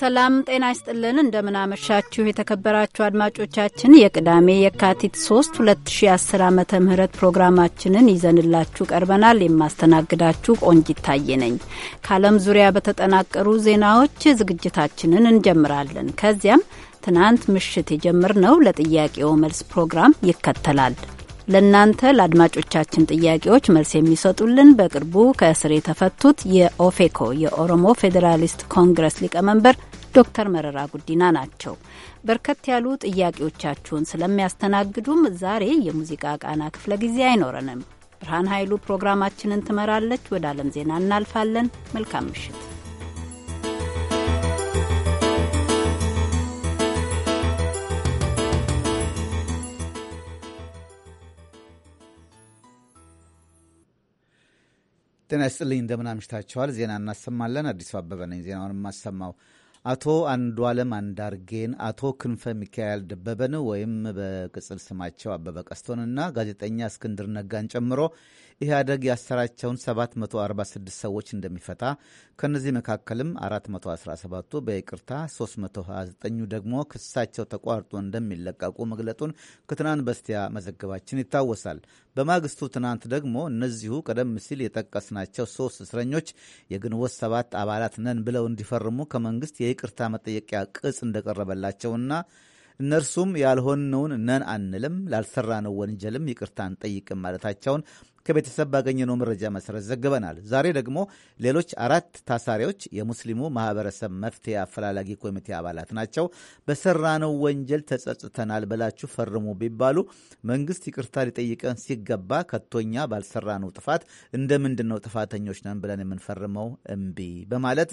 ሰላም ጤና ይስጥልን። እንደምናመሻችሁ የተከበራችሁ አድማጮቻችን የቅዳሜ የካቲት 3 2010 ዓ ም ፕሮግራማችንን ይዘንላችሁ ቀርበናል። የማስተናግዳችሁ ቆንጂት ታዬ ነኝ። ከዓለም ዙሪያ በተጠናቀሩ ዜናዎች ዝግጅታችንን እንጀምራለን። ከዚያም ትናንት ምሽት የጀመርነው ለጥያቄው መልስ ፕሮግራም ይከተላል። ለእናንተ ለአድማጮቻችን ጥያቄዎች መልስ የሚሰጡልን በቅርቡ ከእስር የተፈቱት የኦፌኮ የኦሮሞ ፌዴራሊስት ኮንግረስ ሊቀመንበር ዶክተር መረራ ጉዲና ናቸው። በርከት ያሉ ጥያቄዎቻችሁን ስለሚያስተናግዱም ዛሬ የሙዚቃ ቃና ክፍለ ጊዜ አይኖረንም። ብርሃን ኃይሉ ፕሮግራማችንን ትመራለች። ወደ ዓለም ዜና እናልፋለን። መልካም ምሽት። ጤና ይስጥልኝ። እንደምን አምሽታችኋል? ዜና እናሰማለን። አዲሱ አበበ ነኝ ዜናውን የማሰማው። አቶ አንዷለም አንዳርጌን፣ አቶ ክንፈ ሚካኤል ደበበን ወይም በቅጽል ስማቸው አበበ ቀስቶንና ጋዜጠኛ እስክንድር ነጋን ጨምሮ ኢህአደግ ያሰራቸውን 746 ሰዎች እንደሚፈታ ከእነዚህ መካከልም 417ቱ በይቅርታ 329ኙ ደግሞ ክሳቸው ተቋርጦ እንደሚለቀቁ መግለጡን ከትናንት በስቲያ መዘገባችን ይታወሳል። በማግስቱ ትናንት ደግሞ እነዚሁ ቀደም ሲል የጠቀስናቸው ሶስት እስረኞች የግንቦት ሰባት አባላት ነን ብለው እንዲፈርሙ ከመንግስት የይቅርታ መጠየቂያ ቅጽ እንደቀረበላቸውና እነርሱም ያልሆንነውን ነን አንልም ላልሰራነው ወንጀልም ይቅርታ እንጠይቅም ማለታቸውን ከቤተሰብ ባገኘነው መረጃ መሰረት ዘግበናል። ዛሬ ደግሞ ሌሎች አራት ታሳሪዎች የሙስሊሙ ማህበረሰብ መፍትሄ አፈላላጊ ኮሚቴ አባላት ናቸው። በሰራነው ወንጀል ተጸጽተናል ብላችሁ ፈርሙ ቢባሉ መንግስት ይቅርታ ሊጠይቀን ሲገባ ከቶኛ ባልሰራነው ጥፋት እንደምንድን ነው ጥፋተኞች ነን ብለን የምንፈርመው? እምቢ በማለት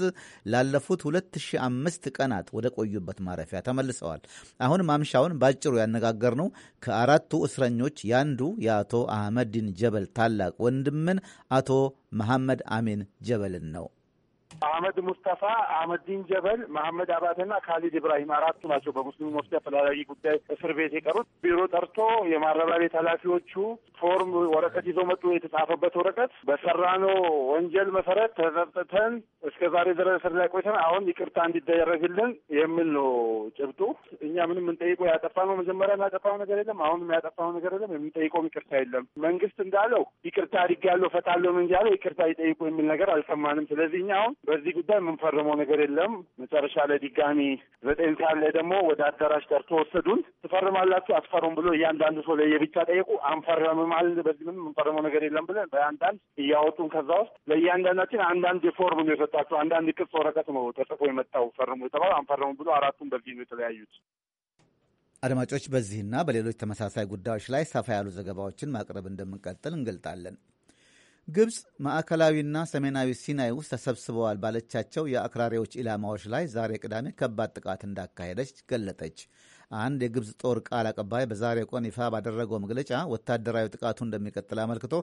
ላለፉት 205 ቀናት ወደ ቆዩበት ማረፊያ ተመልሰዋል። አሁን ማምሻውን ባጭሩ ያነጋገርነው ከአራቱ እስረኞች ያንዱ የአቶ አህመዲን ጀበል ታ ታላቅ ወንድምን አቶ መሐመድ አሚን ጀበልን ነው። አህመድ ሙስተፋ አህመዲን ጀበል፣ መሐመድ አባተና ካሊድ ኢብራሂም አራቱ ናቸው በሙስሊሙ መፍትሄ አፈላላጊ ጉዳይ እስር ቤት የቀሩት። ቢሮ ጠርቶ የማረሚያ ቤት ኃላፊዎቹ ፎርም ወረቀት ይዘው መጡ። የተጻፈበት ወረቀት በሰራነው ወንጀል መሰረት ተጠጥተን እስከ ዛሬ ድረስ እስር ላይ ቆይተን አሁን ይቅርታ እንዲደረግልን የሚል ነው ጭብጡ። እኛ ምንም የምንጠይቀው ያጠፋነው መጀመሪያ የሚያጠፋው ነገር የለም። አሁን የሚያጠፋው ነገር የለም። የምንጠይቀውም ይቅርታ የለም። መንግስት እንዳለው ይቅርታ አድርጌያለሁ እፈታለሁ እንጂ ያለው ይቅርታ ይጠይቁ የሚል ነገር አልሰማንም። ስለዚህ እኛ አሁን በዚህ ጉዳይ የምንፈርመው ነገር የለም። መጨረሻ ላይ ድጋሚ ዘጠኝ ሰዓት ላይ ደግሞ ወደ አዳራሽ ጠርቶ ወሰዱን። ትፈርማላችሁ አትፈርሙም ብሎ እያንዳንዱ ሰው ለየብቻ ጠየቁ። አንፈርምም አልን። በዚህ ምንም የምንፈርመው ነገር የለም ብለን በአንዳንድ እያወጡን ከዛ ውስጥ ለእያንዳንዳችን አንዳንድ ፎርም ነው የሰጣቸው። አንዳንድ ቅጽ ወረቀት ነው ተጽፎ የመጣው ፈርሙ የተባለ አንፈርሙ ብሎ አራቱም በዚህ ነው የተለያዩት። አድማጮች፣ በዚህና በሌሎች ተመሳሳይ ጉዳዮች ላይ ሰፋ ያሉ ዘገባዎችን ማቅረብ እንደምንቀጥል እንገልጣለን። ግብፅ ማዕከላዊና ሰሜናዊ ሲናይ ውስጥ ተሰብስበዋል ባለቻቸው የአክራሪዎች ኢላማዎች ላይ ዛሬ ቅዳሜ ከባድ ጥቃት እንዳካሄደች ገለጠች። አንድ የግብፅ ጦር ቃል አቀባይ በዛሬ ቀን ይፋ ባደረገው መግለጫ ወታደራዊ ጥቃቱ እንደሚቀጥል አመልክቶ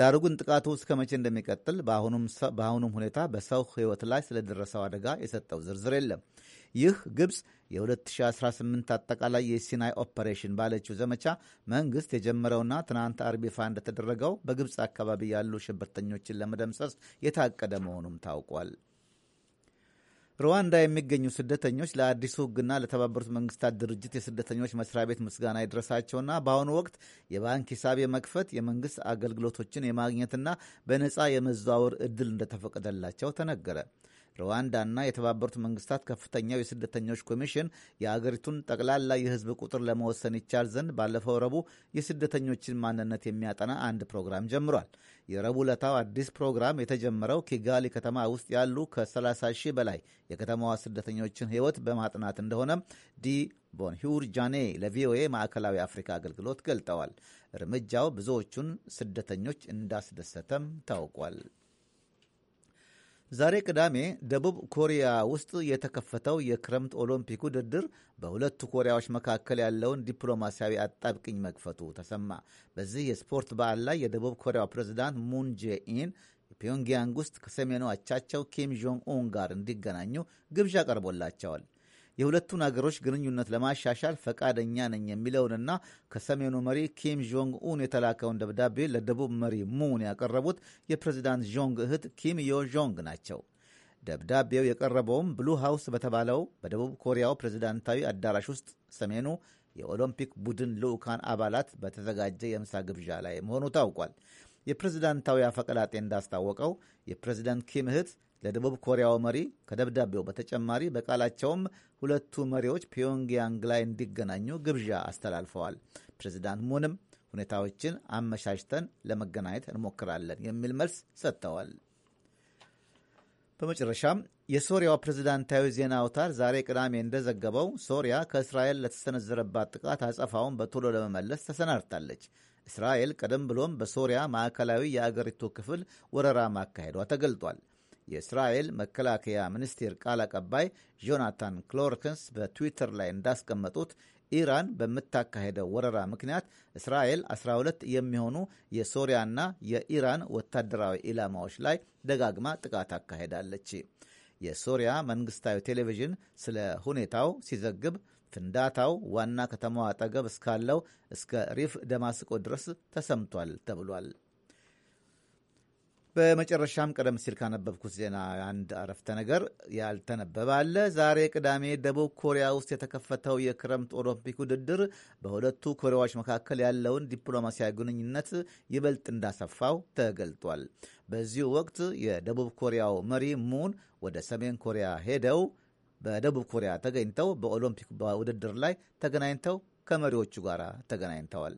ዳሩ ግን ጥቃቱ እስከ መቼ እንደሚቀጥል በአሁኑም ሁኔታ በሰው ሕይወት ላይ ስለደረሰው አደጋ የሰጠው ዝርዝር የለም። ይህ ግብፅ የ2018 አጠቃላይ የሲናይ ኦፐሬሽን ባለችው ዘመቻ መንግስት የጀመረውና ትናንት አርብ ይፋ እንደተደረገው በግብፅ አካባቢ ያሉ ሽብርተኞችን ለመደምሰስ የታቀደ መሆኑም ታውቋል። ሩዋንዳ የሚገኙ ስደተኞች ለአዲሱ ሕግና ለተባበሩት መንግስታት ድርጅት የስደተኞች መስሪያ ቤት ምስጋና ይድረሳቸውና በአሁኑ ወቅት የባንክ ሂሳብ የመክፈት የመንግስት አገልግሎቶችን የማግኘትና በነፃ የመዘዋወር እድል እንደተፈቀደላቸው ተነገረ። ሩዋንዳና የተባበሩት መንግስታት ከፍተኛው የስደተኞች ኮሚሽን የአገሪቱን ጠቅላላ የህዝብ ቁጥር ለመወሰን ይቻል ዘንድ ባለፈው ረቡዕ የስደተኞችን ማንነት የሚያጠና አንድ ፕሮግራም ጀምሯል። የረቡዕ ዕለታው አዲስ ፕሮግራም የተጀመረው ኪጋሊ ከተማ ውስጥ ያሉ ከ30 ሺህ በላይ የከተማዋ ስደተኞችን ህይወት በማጥናት እንደሆነ ዲ ቦንሂር ጃኔ ለቪኦኤ ማዕከላዊ አፍሪካ አገልግሎት ገልጠዋል። እርምጃው ብዙዎቹን ስደተኞች እንዳስደሰተም ታውቋል። ዛሬ ቅዳሜ ደቡብ ኮሪያ ውስጥ የተከፈተው የክረምት ኦሎምፒክ ውድድር በሁለቱ ኮሪያዎች መካከል ያለውን ዲፕሎማሲያዊ አጣብቅኝ መክፈቱ ተሰማ። በዚህ የስፖርት በዓል ላይ የደቡብ ኮሪያው ፕሬዚዳንት ሙን ጄኢን ፒዮንግያንግ ውስጥ ከሰሜኑ አቻቸው ኪም ጆንግ ኡን ጋር እንዲገናኙ ግብዣ ቀርቦላቸዋል። የሁለቱን አገሮች ግንኙነት ለማሻሻል ፈቃደኛ ነኝ የሚለውንና ከሰሜኑ መሪ ኪም ጆንግ ኡን የተላከውን ደብዳቤ ለደቡብ መሪ ሙን ያቀረቡት የፕሬዚዳንት ጆንግ እህት ኪም ዮ ጆንግ ናቸው። ደብዳቤው የቀረበውም ብሉ ሃውስ በተባለው በደቡብ ኮሪያው ፕሬዚዳንታዊ አዳራሽ ውስጥ ሰሜኑ የኦሎምፒክ ቡድን ልዑካን አባላት በተዘጋጀ የምሳ ግብዣ ላይ መሆኑ ታውቋል። የፕሬዝዳንታዊ አፈቀላጤ እንዳስታወቀው የፕሬዝዳንት ኪም እህት ለደቡብ ኮሪያው መሪ ከደብዳቤው በተጨማሪ በቃላቸውም ሁለቱ መሪዎች ፒዮንግያንግ ላይ እንዲገናኙ ግብዣ አስተላልፈዋል። ፕሬዚዳንት ሙንም ሁኔታዎችን አመሻሽተን ለመገናኘት እንሞክራለን የሚል መልስ ሰጥተዋል። በመጨረሻም የሶሪያው ፕሬዝዳንታዊ ዜና አውታር ዛሬ ቅዳሜ እንደዘገበው ሶሪያ ከእስራኤል ለተሰነዘረባት ጥቃት አጸፋውን በቶሎ ለመመለስ ተሰናድታለች። እስራኤል ቀደም ብሎም በሶሪያ ማዕከላዊ የአገሪቱ ክፍል ወረራ ማካሄዷ ተገልጧል። የእስራኤል መከላከያ ሚኒስቴር ቃል አቀባይ ጆናታን ክሎርክንስ በትዊተር ላይ እንዳስቀመጡት ኢራን በምታካሄደው ወረራ ምክንያት እስራኤል 12 የሚሆኑ የሶሪያና የኢራን ወታደራዊ ኢላማዎች ላይ ደጋግማ ጥቃት አካሄዳለች። የሶሪያ መንግስታዊ ቴሌቪዥን ስለ ሁኔታው ሲዘግብ ፍንዳታው ዋና ከተማዋ አጠገብ እስካለው እስከ ሪፍ ደማስቆ ድረስ ተሰምቷል ተብሏል። በመጨረሻም ቀደም ሲል ካነበብኩት ዜና አንድ አረፍተ ነገር ያልተነበበ አለ። ዛሬ ቅዳሜ ደቡብ ኮሪያ ውስጥ የተከፈተው የክረምት ኦሎምፒክ ውድድር በሁለቱ ኮሪያዎች መካከል ያለውን ዲፕሎማሲያዊ ግንኙነት ይበልጥ እንዳሰፋው ተገልጧል። በዚሁ ወቅት የደቡብ ኮሪያው መሪ ሙን ወደ ሰሜን ኮሪያ ሄደው በደቡብ ኮሪያ ተገኝተው በኦሎምፒክ ውድድር ላይ ተገናኝተው ከመሪዎቹ ጋር ተገናኝተዋል።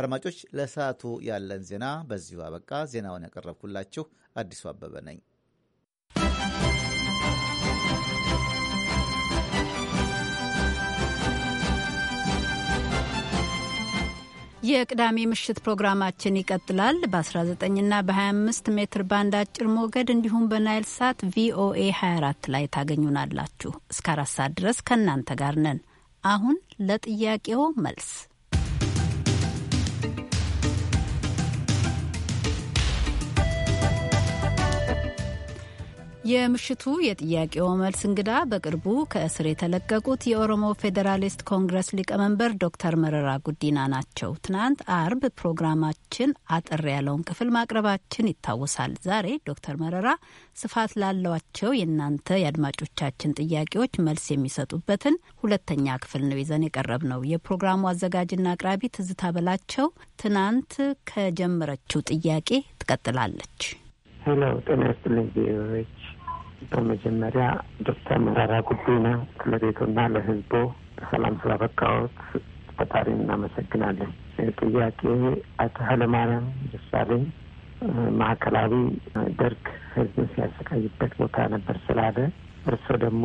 አድማጮች፣ ለሰዓቱ ያለን ዜና በዚሁ አበቃ። ዜናውን ያቀረብኩላችሁ አዲሱ አበበ ነኝ። የቅዳሜ ምሽት ፕሮግራማችን ይቀጥላል። በ19ና በ25 ሜትር ባንድ አጭር ሞገድ እንዲሁም በናይል ሳት ቪኦኤ 24 ላይ ታገኙናላችሁ። እስከ አራት ሰዓት ድረስ ከእናንተ ጋር ነን። አሁን ለጥያቄው መልስ የምሽቱ የጥያቄው መልስ እንግዳ በቅርቡ ከእስር የተለቀቁት የኦሮሞ ፌዴራሊስት ኮንግረስ ሊቀመንበር ዶክተር መረራ ጉዲና ናቸው። ትናንት አርብ ፕሮግራማችን አጠር ያለውን ክፍል ማቅረባችን ይታወሳል። ዛሬ ዶክተር መረራ ስፋት ላሏቸው የእናንተ የአድማጮቻችን ጥያቄዎች መልስ የሚሰጡበትን ሁለተኛ ክፍል ነው ይዘን የቀረብ ነው። የፕሮግራሙ አዘጋጅና አቅራቢ ትዝታ በላቸው ትናንት ከጀመረችው ጥያቄ ትቀጥላለች። ሄሎ ጤና በመጀመሪያ ዶክተር መራራ ጉዲና ለቤቱና ለህዝቡ በሰላም ስላበቃዎት ፈጣሪ እናመሰግናለን። ጥያቄ አቶ ኃይለማርያም ደሳለኝ ማዕከላዊ ደርግ ህዝብን ሲያሰቃይበት ቦታ ነበር ስላለ እርስዎ ደግሞ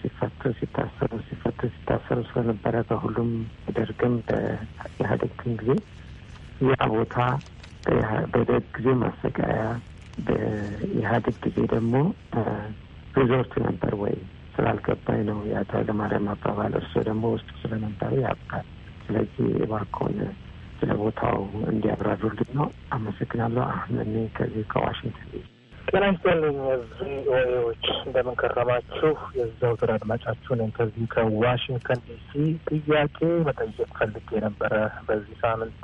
ሲፈቱ ሲታሰሩ ሲፈቱ ሲታሰሩ ስለነበረ በሁሉም ደርግም በኢህአዴግም ጊዜ ያ ቦታ በደርግ ጊዜ ማሰቃያ በኢህአዴግ ጊዜ ደግሞ ሪዞርት ነበር ወይ ስላልገባኝ ነው የአቶ ኃይለማርያም አባባል። እርሶ ደግሞ ውስጡ ስለነበሩ ያውቃል። ስለዚህ እባክዎን ስለ ቦታው እንዲያብራሩልኝ ነው። አመሰግናለሁ። አሁን እኔ ከዚህ ከዋሽንግተን ጤና ይስጥልኝ። እዚህ ወሬዎች እንደምን ከረማችሁ? የዘወትር አድማጫችሁ ነኝ ከዚህ ከዋሽንግተን ዲሲ። ጥያቄ መጠየቅ ፈልጌ ነበረ በዚህ ሳምንት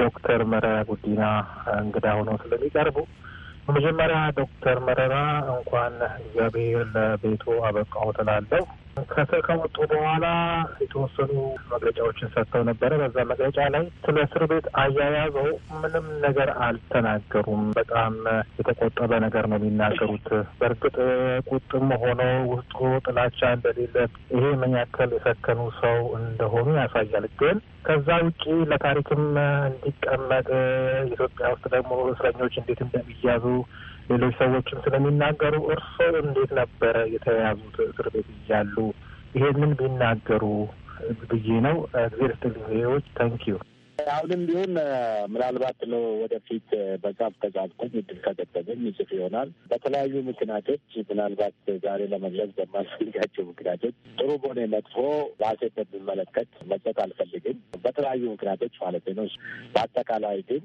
ዶክተር መረራ ጉዲና እንግዳ ሆነው ስለሚቀርቡ በመጀመሪያ ዶክተር መረራ እንኳን እግዚአብሔር ለቤቱ አበቃው ትላለሁ። ከስር ከወጡ በኋላ የተወሰኑ መግለጫዎችን ሰጥተው ነበረ። በዛ መግለጫ ላይ ስለ እስር ቤት አያያዘው ምንም ነገር አልተናገሩም። በጣም የተቆጠበ ነገር ነው የሚናገሩት። በእርግጥ ቁጥም ሆነው ውስጡ ጥላቻ እንደሌለ ይሄ ምን ያክል የሰከኑ ሰው እንደሆኑ ያሳያል። ግን ከዛ ውጪ ለታሪክም እንዲቀመጥ ኢትዮጵያ ውስጥ ደግሞ እስረኞች እንዴት እንደሚያዙ ሌሎች ሰዎችም ስለሚናገሩ እርስዎ እንዴት ነበረ የተያዙት እስር ቤት እያሉ ይሄንን ቢናገሩ ብዬ ነው። እግዜር ይስጥልኝ። ዎች ታንኪዩ አሁንም ቢሆን ምናልባት ነው ወደፊት በጻፍ ተጻፍኩኝ እድል ከገጠመኝ ይጽፍ ይሆናል። በተለያዩ ምክንያቶች ምናልባት ዛሬ ለመግለጽ በማልፈልጋቸው ምክንያቶች ጥሩ በሆነ መጥፎ ራሴን በሚመለከት መጽት አልፈልግም። በተለያዩ ምክንያቶች ማለት ነው። በአጠቃላይ ግን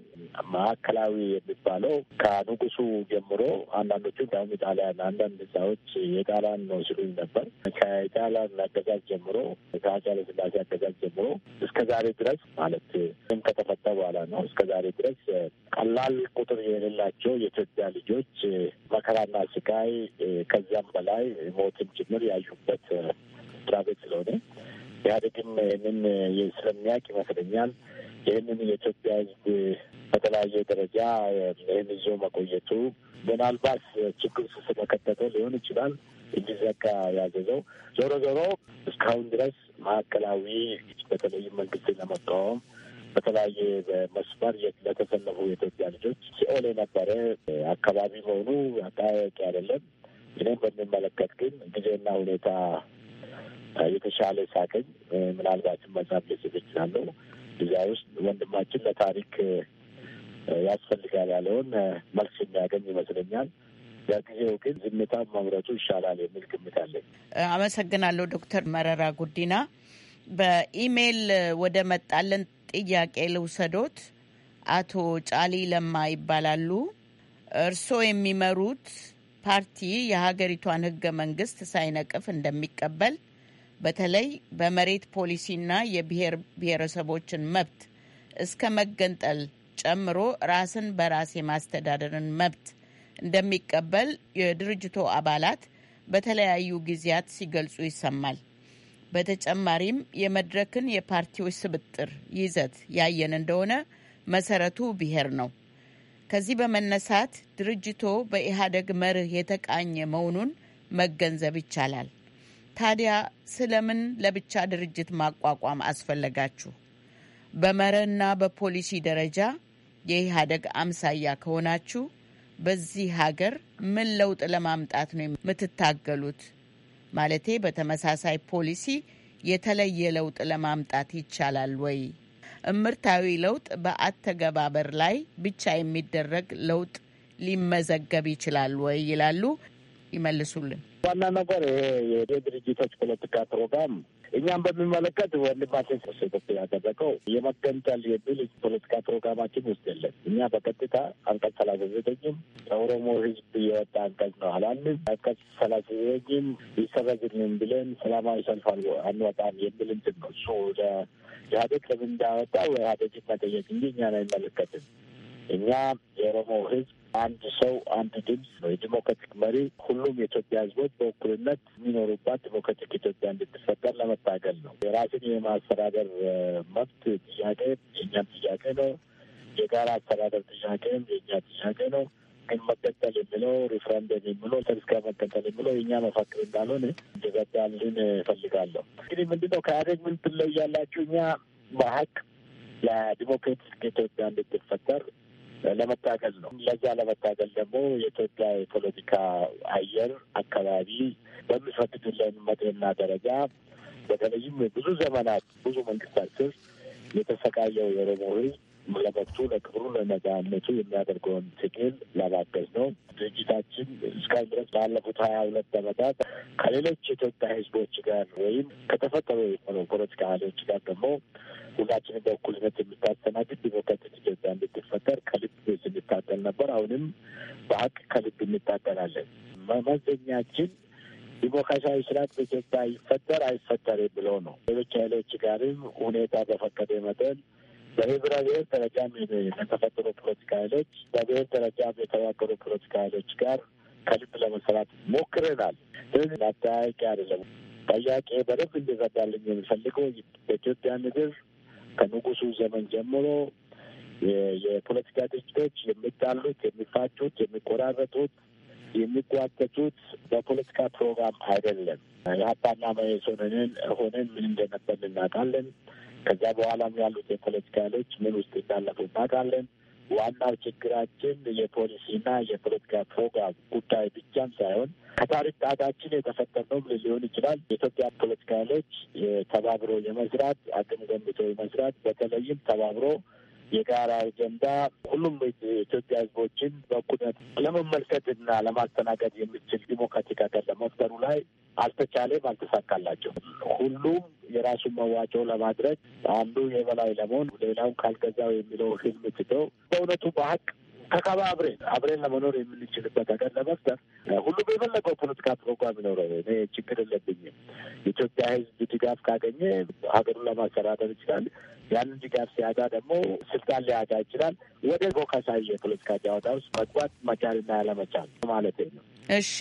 ማዕከላዊ የሚባለው ከንጉሱ ጀምሮ አንዳንዶቹ እንዲሁም ኢጣሊያን አንዳንድ ህንፃዎች የጣሊያን ነው ሲሉኝ ነበር። ከኢጣሊያን አገዛዝ ጀምሮ ከአፄ ኃይለ ሥላሴ አገዛዝ ጀምሮ እስከ ዛሬ ድረስ ማለት ስም ከተፈታ በኋላ ነው። እስከ ዛሬ ድረስ ቀላል ቁጥር የሌላቸው የኢትዮጵያ ልጆች መከራና ስቃይ ከዚያም በላይ ሞትም ጭምር ያዩበት ስራ ስለሆነ ኢህአዴግም ይህንን ስለሚያውቅ ይመስለኛል ይህንን የኢትዮጵያ ሕዝብ በተለያየ ደረጃ ይህን ይዞ መቆየቱ ምናልባት ችግር ውስጥ ሊሆን ይችላል እንዲዘጋ ያዘዘው። ዞሮ ዞሮ እስካሁን ድረስ ማዕከላዊ በተለይም መንግስትን ለመቃወም በተለያየ በመስመር ለተሰለፉ የኢትዮጵያ ልጆች ሲኦል የነበረ አካባቢ መሆኑ አጠያያቂ አይደለም። እኔም በሚመለከት ግን ጊዜና ሁኔታ የተሻለ ሳገኝ ምናልባትም መጽሐፍ ልጽፍ እችላለሁ። እዚያ ውስጥ ወንድማችን ለታሪክ ያስፈልጋል ያለውን መልስ የሚያገኝ ይመስለኛል። ለጊዜው ግን ዝምታ መምረጡ ይሻላል የሚል ግምት አለኝ። አመሰግናለሁ ዶክተር መረራ ጉዲና። በኢሜይል ወደ መጣለን ጥያቄ ልውሰዶት። አቶ ጫሊ ለማ ይባላሉ። እርስዎ የሚመሩት ፓርቲ የሀገሪቷን ህገ መንግስት ሳይነቅፍ እንደሚቀበል በተለይ በመሬት ፖሊሲና የብሔር ብሔረሰቦችን መብት እስከ መገንጠል ጨምሮ ራስን በራስ የማስተዳደርን መብት እንደሚቀበል የድርጅቱ አባላት በተለያዩ ጊዜያት ሲገልጹ ይሰማል። በተጨማሪም የመድረክን የፓርቲዎች ስብጥር ይዘት ያየን እንደሆነ መሰረቱ ብሔር ነው። ከዚህ በመነሳት ድርጅቶ በኢህአደግ መርህ የተቃኘ መሆኑን መገንዘብ ይቻላል። ታዲያ ስለምን ለብቻ ድርጅት ማቋቋም አስፈለጋችሁ? በመርህና በፖሊሲ ደረጃ የኢህአደግ አምሳያ ከሆናችሁ በዚህ ሀገር ምን ለውጥ ለማምጣት ነው የምትታገሉት? ማለቴ በተመሳሳይ ፖሊሲ የተለየ ለውጥ ለማምጣት ይቻላል ወይ? እምርታዊ ለውጥ በአተገባበር ላይ ብቻ የሚደረግ ለውጥ ሊመዘገብ ይችላል ወይ? ይላሉ። ይመልሱልን። ዋና ነገር ይሄ የድርጅቶች ፖለቲካ ፕሮግራም እኛም በሚመለከት ወንድማችን ስብስብ ያደረገው የመገንጠል የሚል ፖለቲካ ፕሮግራማችን ውስጥ የለም። እኛ በቀጥታ አንቀጽ ሰላሳ ዘጠኝም ለኦሮሞ ህዝብ የወጣ አንቀጽ ነው አላልንም። አንቀጽ ሰላሳ ዘጠኝም ይሰረዝልን ብለን ሰላማዊ ሰልፍ አንወጣም የሚል እንትን ነው። እሱ ኢህአዴግ ለምን እንዳወጣ ኢህአዴግን መጠየቅ እንጂ እኛን አይመለከትም። እኛ የኦሮሞ ህዝብ አንድ ሰው አንድ ድምፅ ነው የዲሞክራቲክ መሪ ሁሉም የኢትዮጵያ ህዝቦች በእኩልነት የሚኖሩባት ዲሞክራቲክ ኢትዮጵያ እንድትፈጠር ለመታገል ነው። የራስን የማስተዳደር መብት ጥያቄ የእኛም ጥያቄ ነው። የጋራ አስተዳደር ጥያቄም የእኛ ጥያቄ ነው። ግን መቀጠል የሚለው ሪፍረንደም የሚለው ተስጋ መቀጠል የሚለው የእኛ መፈክር እንዳልሆነ እንዲቀጥልን እፈልጋለሁ። እንግዲህ ምንድነው ከኢህአዴግ ምን ትለያላችሁ? እኛ በሀቅ ለዲሞክራቲክ ኢትዮጵያ እንድትፈጠር ለመታገል ነው። ለዛ ለመታገል ደግሞ የኢትዮጵያ የፖለቲካ አየር አካባቢ በሚፈቅድልን መጠንና ደረጃ በተለይም ብዙ ዘመናት ብዙ መንግስታት ስር የተሰቃየው የኦሮሞ ህዝብ ለመብቱ፣ ለክብሩ፣ ለነጻነቱ የሚያደርገውን ትግል ለማገዝ ነው። ድርጅታችን እስካሁን ድረስ ባለፉት ሀያ ሁለት ዓመታት ከሌሎች የኢትዮጵያ ህዝቦች ጋር ወይም ከተፈጠሩ የሆነ ፖለቲካ ኃይሎች ጋር ደግሞ ሁላችንም በእኩልነት የምታስተናግድ ዲሞክራቲክ ኢትዮጵያ እንድትፈጠር ከልብ ስንታገል ነበር። አሁንም በሀቅ ከልብ እንታገላለን። መመዘኛችን ዲሞክራሲያዊ ስርዓት በኢትዮጵያ ይፈጠር አይፈጠር ብለው ነው። ሌሎች ኃይሎች ጋርም ሁኔታ በፈቀደ መጠን በህብረ ብሔር ደረጃ የተፈጠሩ ፖለቲካ ኃይሎች በብሔር ደረጃ የተዋቀሩ ፖለቲካ ኃይሎች ጋር ከልብ ለመስራት ሞክረናል። ስለዚህ አጠያቂ አይደለም። ጥያቄ በደንብ እንዲረዳልኝ የሚፈልገው በኢትዮጵያ ምድር ከንጉሱ ዘመን ጀምሮ የፖለቲካ ድርጅቶች የሚጣሉት፣ የሚፋጩት፣ የሚቆራረጡት፣ የሚጓተቱት በፖለቲካ ፕሮግራም አይደለም። የሀፓና መኢሶንን ሆነን ምን እንደነበር እናውቃለን። ከዛ በኋላም ያሉት የፖለቲካ ኃይሎች ምን ውስጥ እንዳለፉ እናውቃለን። ዋናው ችግራችን የፖሊሲና የፖለቲካ ፕሮግራም ጉዳይ ብቻም ሳይሆን ከታሪክ ጣጣችን የተፈጠርነው ሊሆን ይችላል። የኢትዮጵያ ፖለቲካ ኃይሎች ተባብሮ የመስራት አቅም ገንብቶ የመስራት በተለይም ተባብሮ የጋራ አጀንዳ ሁሉም የኢትዮጵያ ሕዝቦችን በእኩልነት እና ለማስተናገድ የሚችል ዲሞክራቲክ ሀገር ለመፍጠሩ ላይ አልተቻለም፣ አልተሳካላቸው። ሁሉም የራሱን መዋጮ ለማድረግ አንዱ የበላይ ለመሆን ሌላውን ካልገዛው የሚለው ህልም ትተው በእውነቱ በሀቅ ተከባብሬን አብሬን ለመኖር የምንችልበት ሀገር ለመፍጠር ሁሉም የፈለገው ፖለቲካ ፕሮግራም ይኖረው እኔ ችግር የለብኝም። የኢትዮጵያ ሕዝብ ድጋፍ ካገኘ ሀገሩን ለማስተዳደር ይችላል። ያንን ድጋፍ ሲያጣ ደግሞ ስልጣን ሊያጣ ይችላል። ወደ ቦካሳ የፖለቲካ ጨዋታ ውስጥ መግባት መቻልና ያለመቻል ማለት ነው። እሺ፣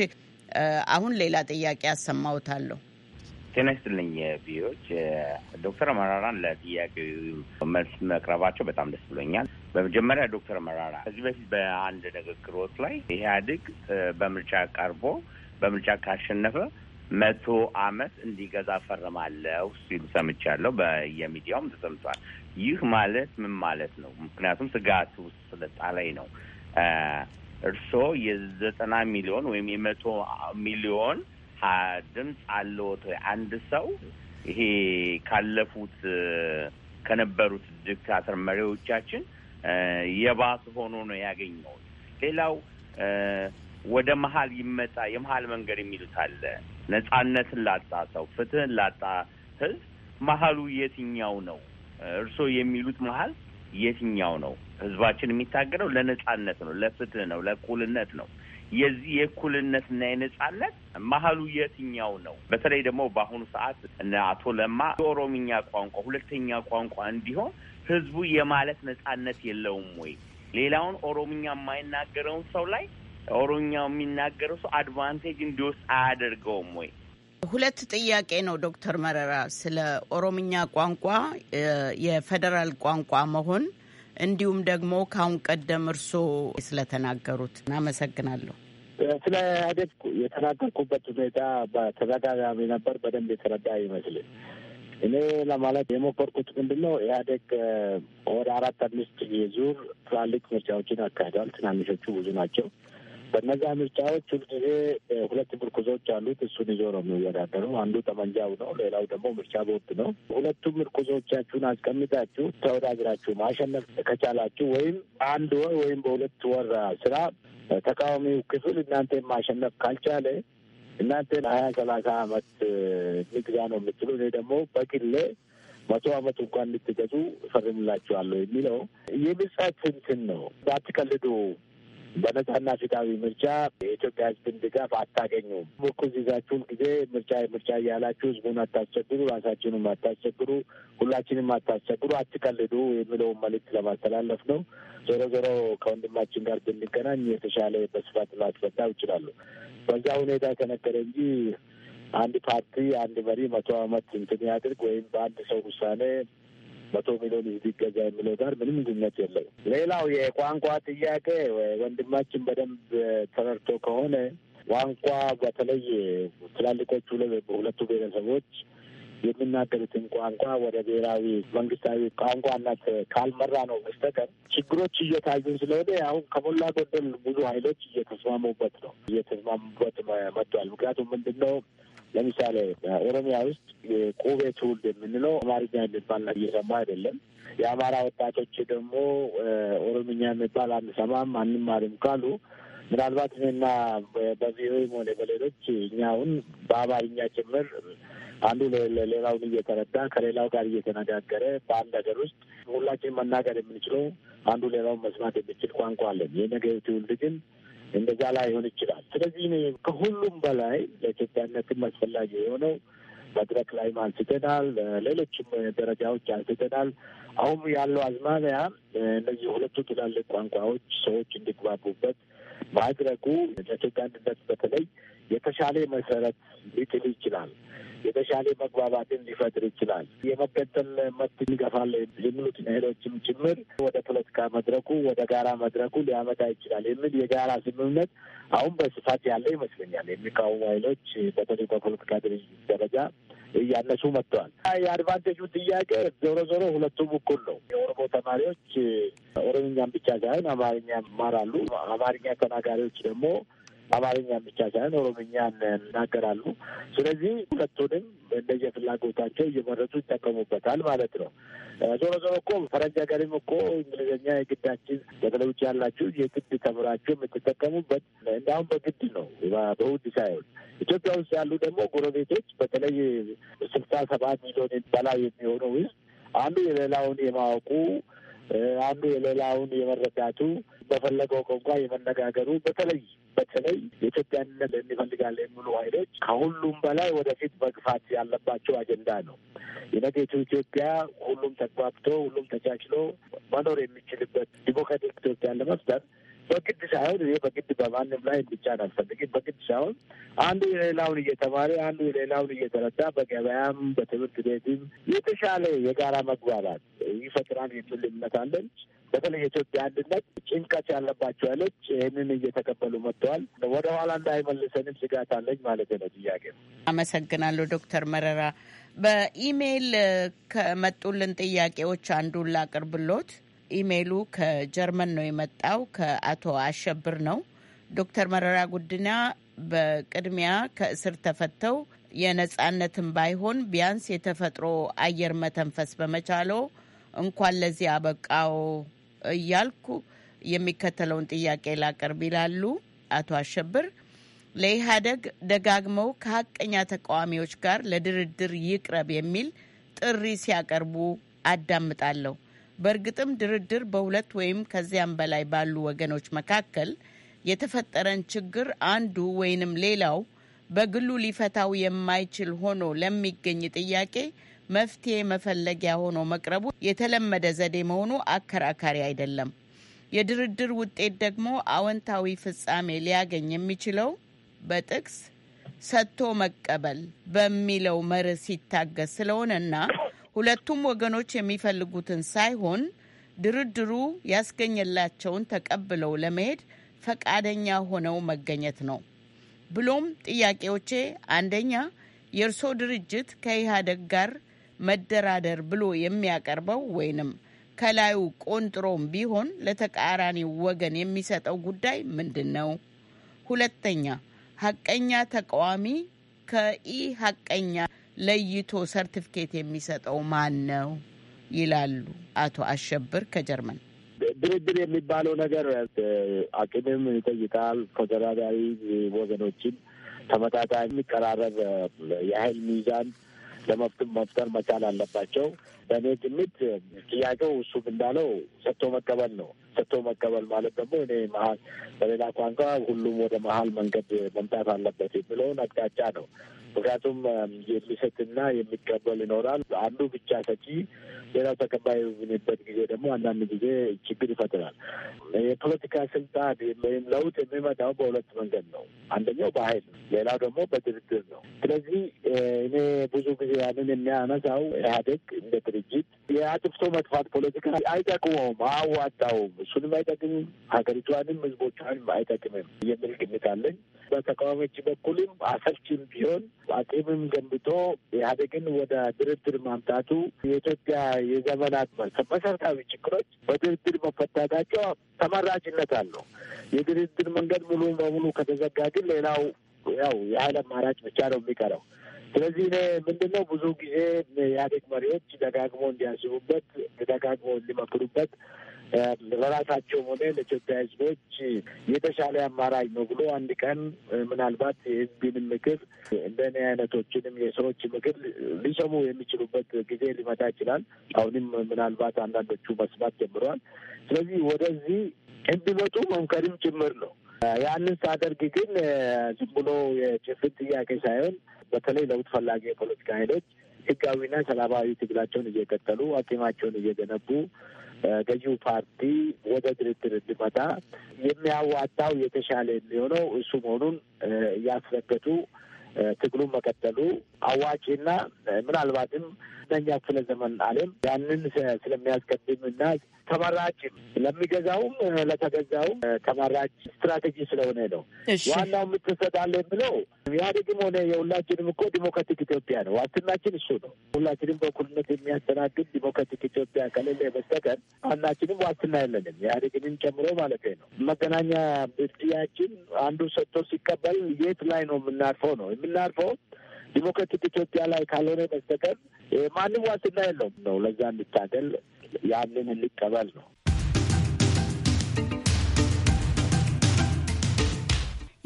አሁን ሌላ ጥያቄ ያሰማውታለሁ። ጤና ይስጥልኝ ቪዎች ዶክተር መራራን ለጥያቄ መልስ መቅረባቸው በጣም ደስ ብሎኛል። በመጀመሪያ ዶክተር መራራ ከዚህ በፊት በአንድ ንግግሮት ላይ ኢህአዴግ በምርጫ ቀርቦ በምርጫ ካሸነፈ መቶ አመት እንዲገዛ ፈርማለሁ ሲሉ ሰምቻለሁ። በየሚዲያውም ተሰምቷል። ይህ ማለት ምን ማለት ነው? ምክንያቱም ስጋቱ ስለጣ ላይ ነው። እርስዎ የዘጠና ሚሊዮን ወይም የመቶ ሚሊዮን ድምፅ አለዎት? አንድ ሰው ይሄ ካለፉት ከነበሩት ዲክታተር መሪዎቻችን የባስ ሆኖ ነው ያገኘው። ሌላው ወደ መሀል ይመጣ የመሀል መንገድ የሚሉት አለ። ነጻነትን ላጣ ሰው፣ ፍትህን ላጣ ህዝብ መሀሉ የትኛው ነው? እርስዎ የሚሉት መሀል የትኛው ነው? ህዝባችን የሚታገለው ለነጻነት ነው፣ ለፍትህ ነው፣ ለእኩልነት ነው። የዚህ የእኩልነትና የነጻነት መሀሉ የትኛው ነው? በተለይ ደግሞ በአሁኑ ሰዓት እነ አቶ ለማ የኦሮምኛ ቋንቋ ሁለተኛ ቋንቋ እንዲሆን ህዝቡ የማለት ነጻነት የለውም ወይ? ሌላውን ኦሮምኛ የማይናገረውን ሰው ላይ ኦሮምኛ የሚናገረው ሰው አድቫንቴጅ እንዲወስድ አያደርገውም ወይ? ሁለት ጥያቄ ነው ዶክተር መረራ ስለ ኦሮምኛ ቋንቋ የፌዴራል ቋንቋ መሆን እንዲሁም ደግሞ ከአሁን ቀደም እርስዎ ስለተናገሩት እናመሰግናለሁ። ስለ ኢህአዴግ የተናገርኩበት ሁኔታ በተደጋጋሚ ነበር። በደንብ የተረዳ ይመስል እኔ ለማለት የሞከርኩት ምንድን ነው ኢህአዴግ ወደ አራት አምስት የዙር ትላልቅ ምርጫዎችን አካሂደዋል። ትናንሾቹ ብዙ ናቸው። በነዛ ምርጫዎች ሁልጊዜ ሁለት ምርኩዞች አሉት። እሱን ይዞ ነው የሚወዳደረው። አንዱ ጠመንጃው ነው፣ ሌላው ደግሞ ምርጫ ቦርድ ነው። ሁለቱም ምርኩዞቻችሁን አስቀምጣችሁ ተወዳድራችሁ ማሸነፍ ከቻላችሁ ወይም በአንድ ወር ወይም በሁለት ወር ስራ ተቃዋሚው ክፍል እናንተ ማሸነፍ ካልቻለ እናንተን ሀያ ሰላሳ አመት ንግዛ ነው የምትሉ እኔ ደግሞ በግሌ መቶ አመት እንኳን ልትገዙ እፈርምላችኋለሁ የሚለው የብጻት እንትን ነው። ባትቀልዱ በነጻና ፍትሃዊ ምርጫ የኢትዮጵያ ህዝብን ድጋፍ አታገኙም። በኩል ይዛችሁን ጊዜ ምርጫ ምርጫ እያላችሁ ህዝቡን አታስቸግሩ፣ ራሳችንም አታስቸግሩ፣ ሁላችንም አታስቸግሩ፣ አትቀልዱ የሚለውን መልዕክት ለማስተላለፍ ነው። ዞሮ ዞሮ ከወንድማችን ጋር ብንገናኝ የተሻለ በስፋት ላስፈታው ይችላሉ። በዛ ሁኔታ ተነገረ እንጂ አንድ ፓርቲ አንድ መሪ መቶ አመት እንትን ያድርግ ወይም በአንድ ሰው ውሳኔ መቶ ሚሊዮን ህዝብ ይገዛ የሚለው ጋር ምንም ግንኙነት የለውም። ሌላው የቋንቋ ጥያቄ ወንድማችን በደንብ ተረድቶ ከሆነ ቋንቋ በተለይ ትላልቆቹ ሁለቱ ብሔረሰቦች የሚናገሩትን ቋንቋ ወደ ብሔራዊ መንግስታዊ ቋንቋነት ካልመራ ነው በስተቀር ችግሮች እየታዩን ስለሆነ አሁን ከሞላ ጎደል ብዙ ኃይሎች እየተስማሙበት ነው እየተስማሙበት መጥቷል። ምክንያቱም ምንድነው ለምሳሌ ኦሮሚያ ውስጥ የቁቤ ትውልድ የምንለው አማርኛ የሚባል እየሰማ አይደለም። የአማራ ወጣቶች ደግሞ ኦሮምኛ የሚባል አንሰማም አንማርም ካሉ ምናልባት እኔና በቪኦኤም ሆነ በሌሎች እኛውን በአማርኛ ጭምር አንዱ ሌላውን እየተረዳ ከሌላው ጋር እየተነጋገረ በአንድ ሀገር ውስጥ ሁላችን መናገር የምንችለው አንዱ ሌላውን መስማት የሚችል ቋንቋ አለን። የነገ ትውልድ ግን እንደዛ ላይ ላይሆን ይችላል። ስለዚህ ከሁሉም በላይ ለኢትዮጵያነትም አስፈላጊ የሆነው መድረክ ላይም አንስተናል፣ ሌሎችም ደረጃዎች አንስተናል። አሁን ያለው አዝማሚያ እነዚህ ሁለቱ ትላልቅ ቋንቋዎች ሰዎች እንዲግባቡበት ማድረጉ ለኢትዮጵያ አንድነት በተለይ የተሻለ መሰረት ሊጥል ይችላል። የተሻለ መግባባትን ሊፈጥር ይችላል። የመገንጠል መብት ይገፋል የሚሉት ኃይሎችም ጭምር ወደ ፖለቲካ መድረኩ ወደ ጋራ መድረኩ ሊያመጣ ይችላል የሚል የጋራ ስምምነት አሁን በስፋት ያለ ይመስለኛል። የሚቃወሙ ኃይሎች በተለይ በፖለቲካ ድርጅት ደረጃ እያነሱ መጥተዋል። የአድቫንቴጁ ጥያቄ ዞሮ ዞሮ ሁለቱም እኩል ነው። የኦሮሞ ተማሪዎች ኦሮምኛም ብቻ ሳይሆን አማርኛ ይማራሉ። አማርኛ ተናጋሪዎች ደግሞ አማርኛ ብቻ ሳይሆን ኦሮምኛ እናገራሉ። ስለዚህ ሁለቱንም እንደየ ፍላጎታቸው እየመረጡ ይጠቀሙበታል ማለት ነው። ዞሮ ዞሮ እኮ ፈረንጅ ሀገርም እኮ እንግሊዝኛ የግዳችን በተለይ ውጭ ያላችሁ የግድ ተምራችሁ የምትጠቀሙበት እንዲሁም በግድ ነው፣ በውድ ሳይሆን። ኢትዮጵያ ውስጥ ያሉ ደግሞ ጎረቤቶች በተለይ ስልሳ ሰባ ሚሊዮን በላይ የሚሆነው ውስጥ አንዱ የሌላውን የማወቁ አንዱ የሌላውን የመረዳቱ በፈለገው ቋንቋ የመነጋገሩ በተለይ በተለይ የኢትዮጵያንነት እንፈልጋለን የሚሉ ኃይሎች ከሁሉም በላይ ወደፊት መግፋት ያለባቸው አጀንዳ ነው። የነገይቱ ኢትዮጵያ ሁሉም ተግባብቶ ሁሉም ተቻችሎ መኖር የሚችልበት ዲሞክራቲክ ኢትዮጵያን ለመፍጠር በግድ ሳይሆን ይሄ በግድ በማንም ላይ ብቻን አልፈልግም። በግድ ሳይሆን አንዱ የሌላውን እየተማረ አንዱ የሌላውን እየተረዳ በገበያም በትምህርት ቤትም የተሻለ የጋራ መግባባት ይፈጥራል የሚል እምነት አለን። በተለይ የኢትዮጵያ አንድነት ጭንቀት ያለባቸው ኃይሎች ይህንን እየተቀበሉ መጥተዋል። ወደ ኋላ እንዳይመልሰንም ስጋት አለኝ ማለት ነው። ጥያቄ አመሰግናለሁ ዶክተር መረራ። በኢሜይል ከመጡልን ጥያቄዎች አንዱን ላቅርብሎት። ኢሜይሉ ከጀርመን ነው የመጣው ከአቶ አሸብር ነው። ዶክተር መረራ ጉድና በቅድሚያ ከእስር ተፈተው የነጻነትን ባይሆን ቢያንስ የተፈጥሮ አየር መተንፈስ በመቻለው እንኳን ለዚህ አበቃው እያልኩ የሚከተለውን ጥያቄ ላቀርብ ይላሉ አቶ አሸብር። ለኢህአደግ ደጋግመው ከሀቀኛ ተቃዋሚዎች ጋር ለድርድር ይቅረብ የሚል ጥሪ ሲያቀርቡ አዳምጣለሁ። በእርግጥም ድርድር በሁለት ወይም ከዚያም በላይ ባሉ ወገኖች መካከል የተፈጠረን ችግር አንዱ ወይንም ሌላው በግሉ ሊፈታው የማይችል ሆኖ ለሚገኝ ጥያቄ መፍትሄ መፈለጊያ ሆኖ መቅረቡ የተለመደ ዘዴ መሆኑ አከራካሪ አይደለም። የድርድር ውጤት ደግሞ አወንታዊ ፍጻሜ ሊያገኝ የሚችለው በጥቅስ ሰጥቶ መቀበል በሚለው መርህ ሲታገዝ ስለሆነና ሁለቱም ወገኖች የሚፈልጉትን ሳይሆን ድርድሩ ያስገኘላቸውን ተቀብለው ለመሄድ ፈቃደኛ ሆነው መገኘት ነው። ብሎም ጥያቄዎቼ አንደኛ፣ የእርሶ ድርጅት ከኢህአዴግ ጋር መደራደር ብሎ የሚያቀርበው ወይንም ከላዩ ቆንጥሮም ቢሆን ለተቃራኒ ወገን የሚሰጠው ጉዳይ ምንድን ነው? ሁለተኛ ሀቀኛ ተቃዋሚ ከኢ ሀቀኛ ለይቶ ሰርቲፊኬት የሚሰጠው ማን ነው ይላሉ አቶ አሸብር ከጀርመን። ድርድር የሚባለው ነገር አቅምም ይጠይቃል። ተደራዳሪ ወገኖችን ተመጣጣኝ የሚቀራረብ የሀይል ሚዛን ለመብትም መፍጠር መቻል አለባቸው። በእኔ ግምት ጥያቄው እሱም እንዳለው ሰጥቶ መቀበል ነው። ሰጥቶ መቀበል ማለት ደግሞ እኔ መሀል በሌላ ቋንቋ ሁሉም ወደ መሀል መንገድ መምጣት አለበት የሚለውን አቅጣጫ ነው። ምክንያቱም የሚሰጥና የሚቀበል ይኖራል። አንዱ ብቻ ሰጪ፣ ሌላው ተቀባይ በሆነበት ጊዜ ደግሞ አንዳንድ ጊዜ ችግር ይፈጥራል። የፖለቲካ ስልጣን ወይም ለውጥ የሚመጣው በሁለት መንገድ ነው። አንደኛው በኃይል ነው፣ ሌላው ደግሞ በድርድር ነው። ስለዚህ እኔ ብዙ ጊዜ ያንን የሚያነሳው ኢህአዴግ እንደ ድርጅት የአጥፍቶ መጥፋት ፖለቲካ አይጠቅመውም፣ አያዋጣውም፣ እሱንም አይጠቅምም፣ ሀገሪቷንም ህዝቦቿንም አይጠቅምም የሚል ግምት አለኝ። በተቃዋሚዎች በኩልም አሰልችም ቢሆን አቅምም ገንብቶ ኢህአዴግን ወደ ድርድር ማምጣቱ የኢትዮጵያ የዘመናት መሰረታዊ ችግሮች በድርድር መፈታታቸው ተመራጭነት አለው። የድርድር መንገድ ሙሉ በሙሉ ከተዘጋ ግን ሌላው ያው የሀይል አማራጭ ብቻ ነው የሚቀረው። ስለዚህ እኔ ምንድን ነው ብዙ ጊዜ የኢህአዴግ መሪዎች ደጋግሞ እንዲያስቡበት፣ ደጋግሞ እንዲመክሩበት ለራሳቸውም ሆነ ለኢትዮጵያ ሕዝቦች የተሻለ አማራጭ ነው ብሎ አንድ ቀን ምናልባት የሕዝብንም ምክር እንደኔ አይነቶችንም የሰዎች ምክር ሊሰሙ የሚችሉበት ጊዜ ሊመጣ ይችላል። አሁንም ምናልባት አንዳንዶቹ መስማት ጀምረዋል። ስለዚህ ወደዚህ እንዲመጡ መምከርም ጭምር ነው። ያንን ሳደርግ ግን ዝም ብሎ የጭፍን ጥያቄ ሳይሆን በተለይ ለውጥ ፈላጊ የፖለቲካ ኃይሎች ህጋዊና ሰላማዊ ትግላቸውን እየቀጠሉ አቂማቸውን እየገነቡ ገዢው ፓርቲ ወደ ድርድር እንዲመጣ የሚያዋጣው የተሻለ የሚሆነው እሱ መሆኑን እያስረገጡ ትግሉን መቀጠሉ አዋጭና ምናልባትም እኛ ክፍለ ዘመን ዓለም ያንን ስለሚያስቀድም ስለሚያስቀድምና ተመራጭ ለሚገዛውም ለተገዛውም ተመራጭ ስትራቴጂ ስለሆነ ነው። ዋናው የምትሰጣለ የምለው ኢህአዴግም ሆነ የሁላችንም እኮ ዲሞክራቲክ ኢትዮጵያ ነው። ዋስትናችን እሱ ነው። ሁላችንም በእኩልነት የሚያስተናግድ ዲሞክራቲክ ኢትዮጵያ ከሌለ በስተቀር አናችንም ዋስትና የለንም፣ ኢህአዴግንም ጨምሮ ማለት ነው። መገናኛ ብድያችን አንዱ ሰጥቶ ሲቀበል የት ላይ ነው የምናርፈው ነው የምናርፈው ዲሞክራቲክ ኢትዮጵያ ላይ ካልሆነ በስተቀር ማንም ዋስትና የለውም ነው። ለዛ እንታገል፣ ያንን እንቀበል ነው።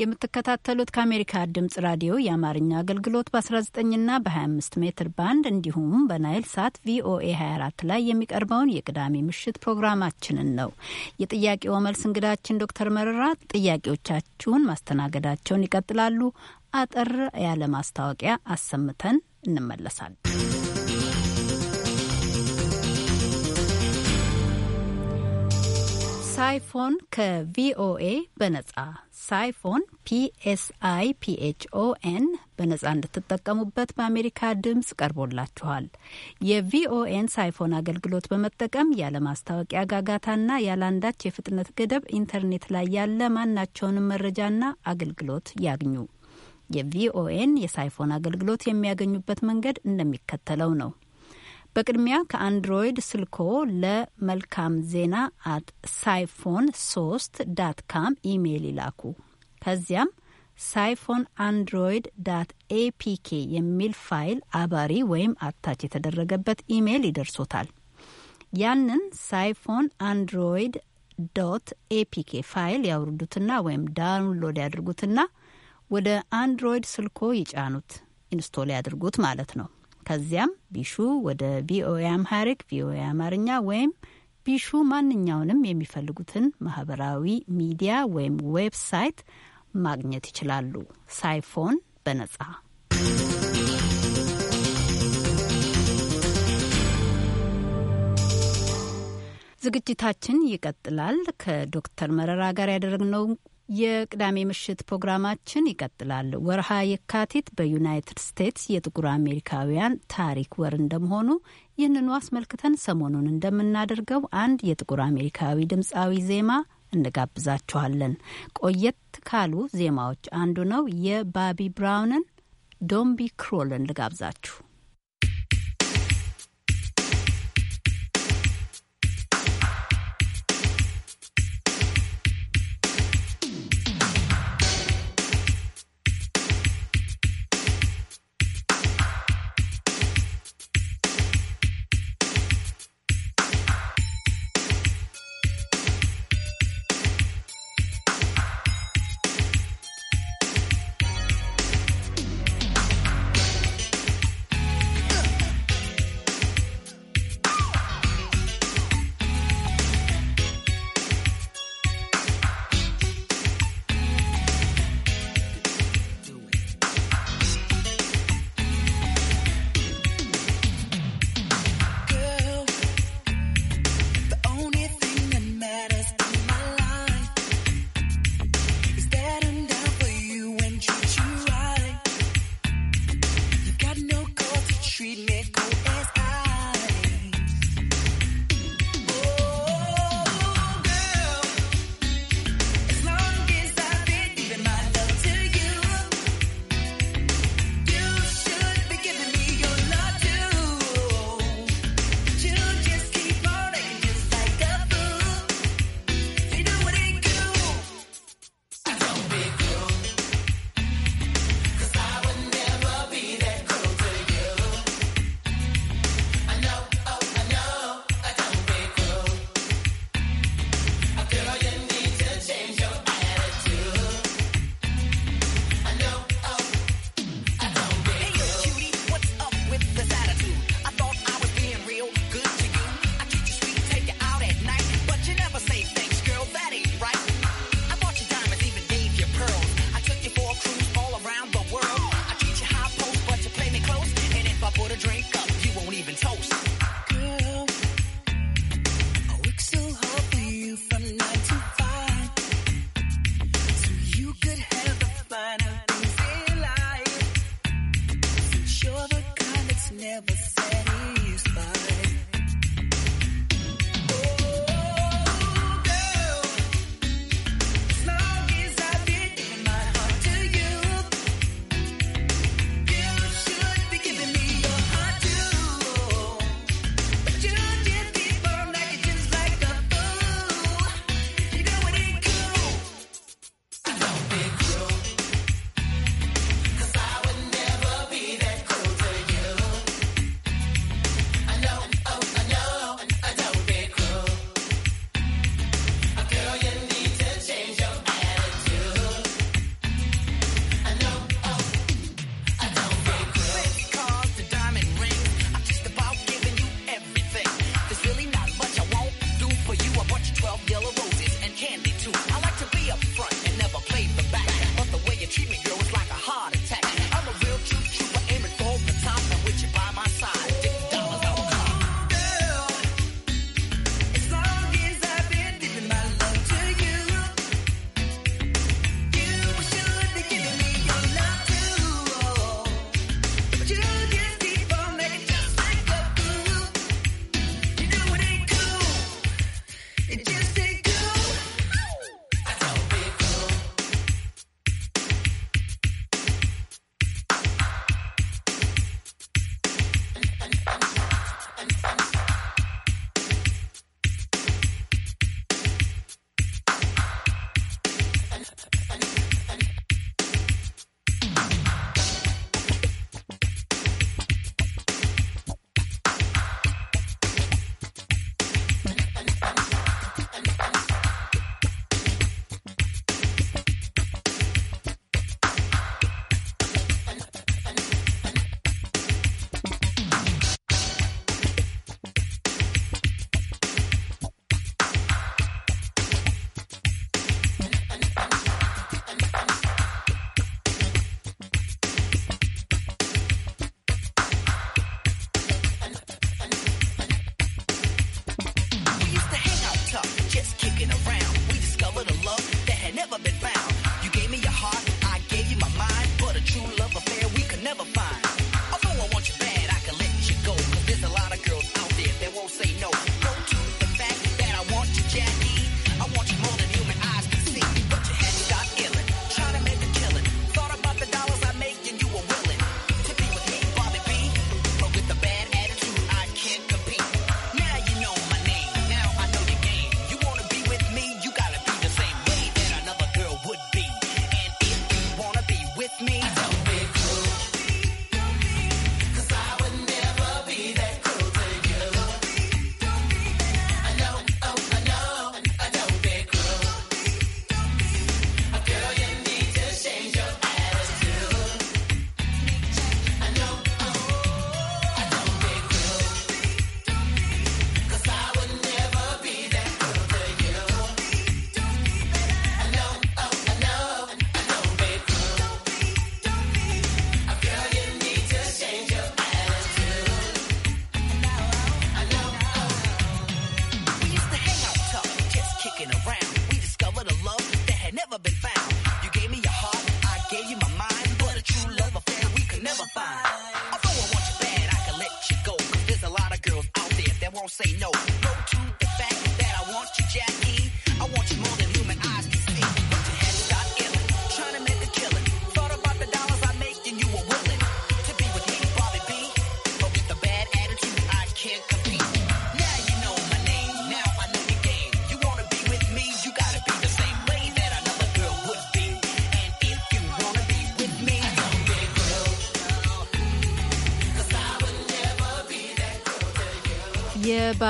የምትከታተሉት ከአሜሪካ ድምጽ ራዲዮ የአማርኛ አገልግሎት በ19ና በ25 ሜትር ባንድ እንዲሁም በናይል ሳት ቪኦኤ 24 ላይ የሚቀርበውን የቅዳሜ ምሽት ፕሮግራማችንን ነው። የጥያቄው መልስ እንግዳችን ዶክተር መረራ ጥያቄዎቻችሁን ማስተናገዳቸውን ይቀጥላሉ። አጠር ያለ ማስታወቂያ አሰምተን እንመለሳለን። ሳይፎን ከቪኦኤ በነጻ ሳይፎን ፒኤስአይ ፒኤችኦኤን በነጻ እንድትጠቀሙበት በአሜሪካ ድምፅ ቀርቦላችኋል። የቪኦኤን ሳይፎን አገልግሎት በመጠቀም ያለ ማስታወቂያ ጋጋታና ያለአንዳች የፍጥነት ገደብ ኢንተርኔት ላይ ያለ ማናቸውንም መረጃና አገልግሎት ያግኙ። የቪኦኤን የሳይፎን አገልግሎት የሚያገኙበት መንገድ እንደሚከተለው ነው። በቅድሚያ ከአንድሮይድ ስልኮ ለመልካም ዜና አት ሳይፎን ሶስት ዳት ካም ኢሜይል ይላኩ። ከዚያም ሳይፎን አንድሮይድ ዳት ኤፒኬ የሚል ፋይል አባሪ ወይም አታች የተደረገበት ኢሜይል ይደርሶታል። ያንን ሳይፎን አንድሮይድ ዶት ኤፒኬ ፋይል ያውርዱትና ወይም ዳውንሎድ ያድርጉትና ወደ አንድሮይድ ስልኮ ይጫኑት፣ ኢንስቶል ያድርጉት ማለት ነው። ከዚያም ቢሹ ወደ ቪኦኤ አምሃሪክ ቪኦኤ አማርኛ ወይም ቢሹ ማንኛውንም የሚፈልጉትን ማህበራዊ ሚዲያ ወይም ዌብሳይት ማግኘት ይችላሉ። ሳይፎን በነጻ ዝግጅታችን ይቀጥላል። ከዶክተር መረራ ጋር ያደረግነው የቅዳሜ ምሽት ፕሮግራማችን ይቀጥላል። ወርሃ የካቲት በዩናይትድ ስቴትስ የጥቁር አሜሪካውያን ታሪክ ወር እንደመሆኑ ይህንኑ አስመልክተን ሰሞኑን እንደምናደርገው አንድ የጥቁር አሜሪካዊ ድምፃዊ ዜማ እንጋብዛችኋለን። ቆየት ካሉ ዜማዎች አንዱ ነው የባቢ ብራውንን ዶምቢ ክሮልን ልጋብዛችሁ።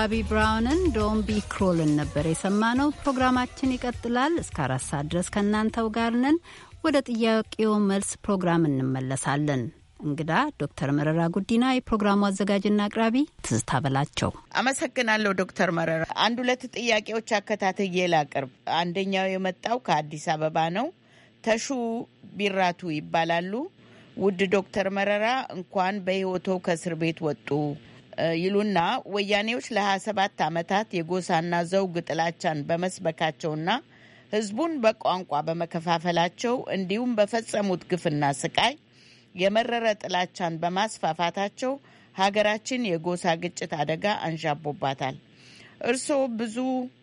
ባቢ ብራውንን ዶን ቢ ክሮልን ነበር የሰማነው። ፕሮግራማችን ይቀጥላል። እስከ አራት ሰዓት ድረስ ከእናንተው ጋር ነን። ወደ ጥያቄው መልስ ፕሮግራም እንመለሳለን። እንግዳ ዶክተር መረራ ጉዲና፣ የፕሮግራሙ አዘጋጅና አቅራቢ ትዝታ በላቸው። አመሰግናለሁ ዶክተር መረራ። አንድ ሁለት ጥያቄዎች አከታተዬ ላቅርብ። አንደኛው የመጣው ከአዲስ አበባ ነው። ተሹ ቢራቱ ይባላሉ። ውድ ዶክተር መረራ እንኳን በህይወቶ ከእስር ቤት ወጡ ይሉና ወያኔዎች ለ27 ዓመታት የጎሳና ዘውግ ጥላቻን በመስበካቸውና ህዝቡን በቋንቋ በመከፋፈላቸው እንዲሁም በፈጸሙት ግፍና ስቃይ የመረረ ጥላቻን በማስፋፋታቸው ሀገራችን የጎሳ ግጭት አደጋ አንዣቦባታል። እርስዎ ብዙ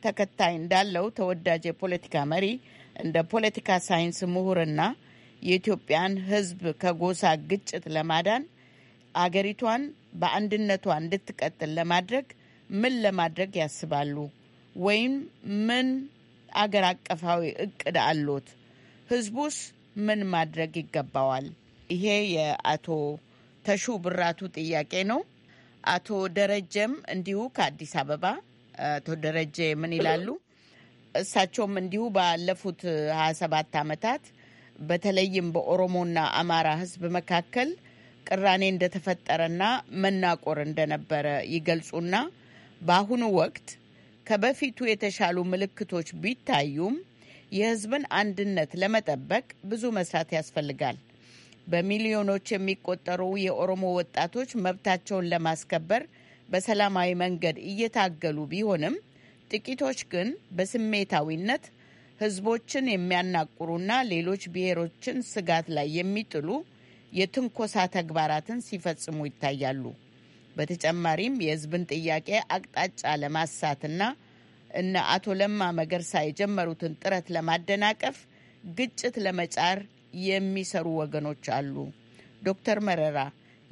ተከታይ እንዳለው ተወዳጅ የፖለቲካ መሪ እንደ ፖለቲካ ሳይንስ ምሁርና የኢትዮጵያን ህዝብ ከጎሳ ግጭት ለማዳን አገሪቷን በአንድነቷ እንድትቀጥል ለማድረግ ምን ለማድረግ ያስባሉ? ወይም ምን አገር አቀፋዊ እቅድ አሎት? ህዝቡስ ምን ማድረግ ይገባዋል? ይሄ የአቶ ተሹ ብራቱ ጥያቄ ነው። አቶ ደረጀም እንዲሁ ከአዲስ አበባ አቶ ደረጀ ምን ይላሉ? እሳቸውም እንዲሁ ባለፉት ሀያ ሰባት አመታት በተለይም በኦሮሞና አማራ ህዝብ መካከል ቅራኔ እንደተፈጠረና መናቆር እንደነበረ ይገልጹና በአሁኑ ወቅት ከበፊቱ የተሻሉ ምልክቶች ቢታዩም የሕዝብን አንድነት ለመጠበቅ ብዙ መስራት ያስፈልጋል። በሚሊዮኖች የሚቆጠሩ የኦሮሞ ወጣቶች መብታቸውን ለማስከበር በሰላማዊ መንገድ እየታገሉ ቢሆንም ጥቂቶች ግን በስሜታዊነት ህዝቦችን የሚያናቁሩና ሌሎች ብሔሮችን ስጋት ላይ የሚጥሉ የትንኮሳ ተግባራትን ሲፈጽሙ ይታያሉ። በተጨማሪም የህዝብን ጥያቄ አቅጣጫ ለማሳትና እነ አቶ ለማ መገርሳ የጀመሩትን ጥረት ለማደናቀፍ ግጭት ለመጫር የሚሰሩ ወገኖች አሉ። ዶክተር መረራ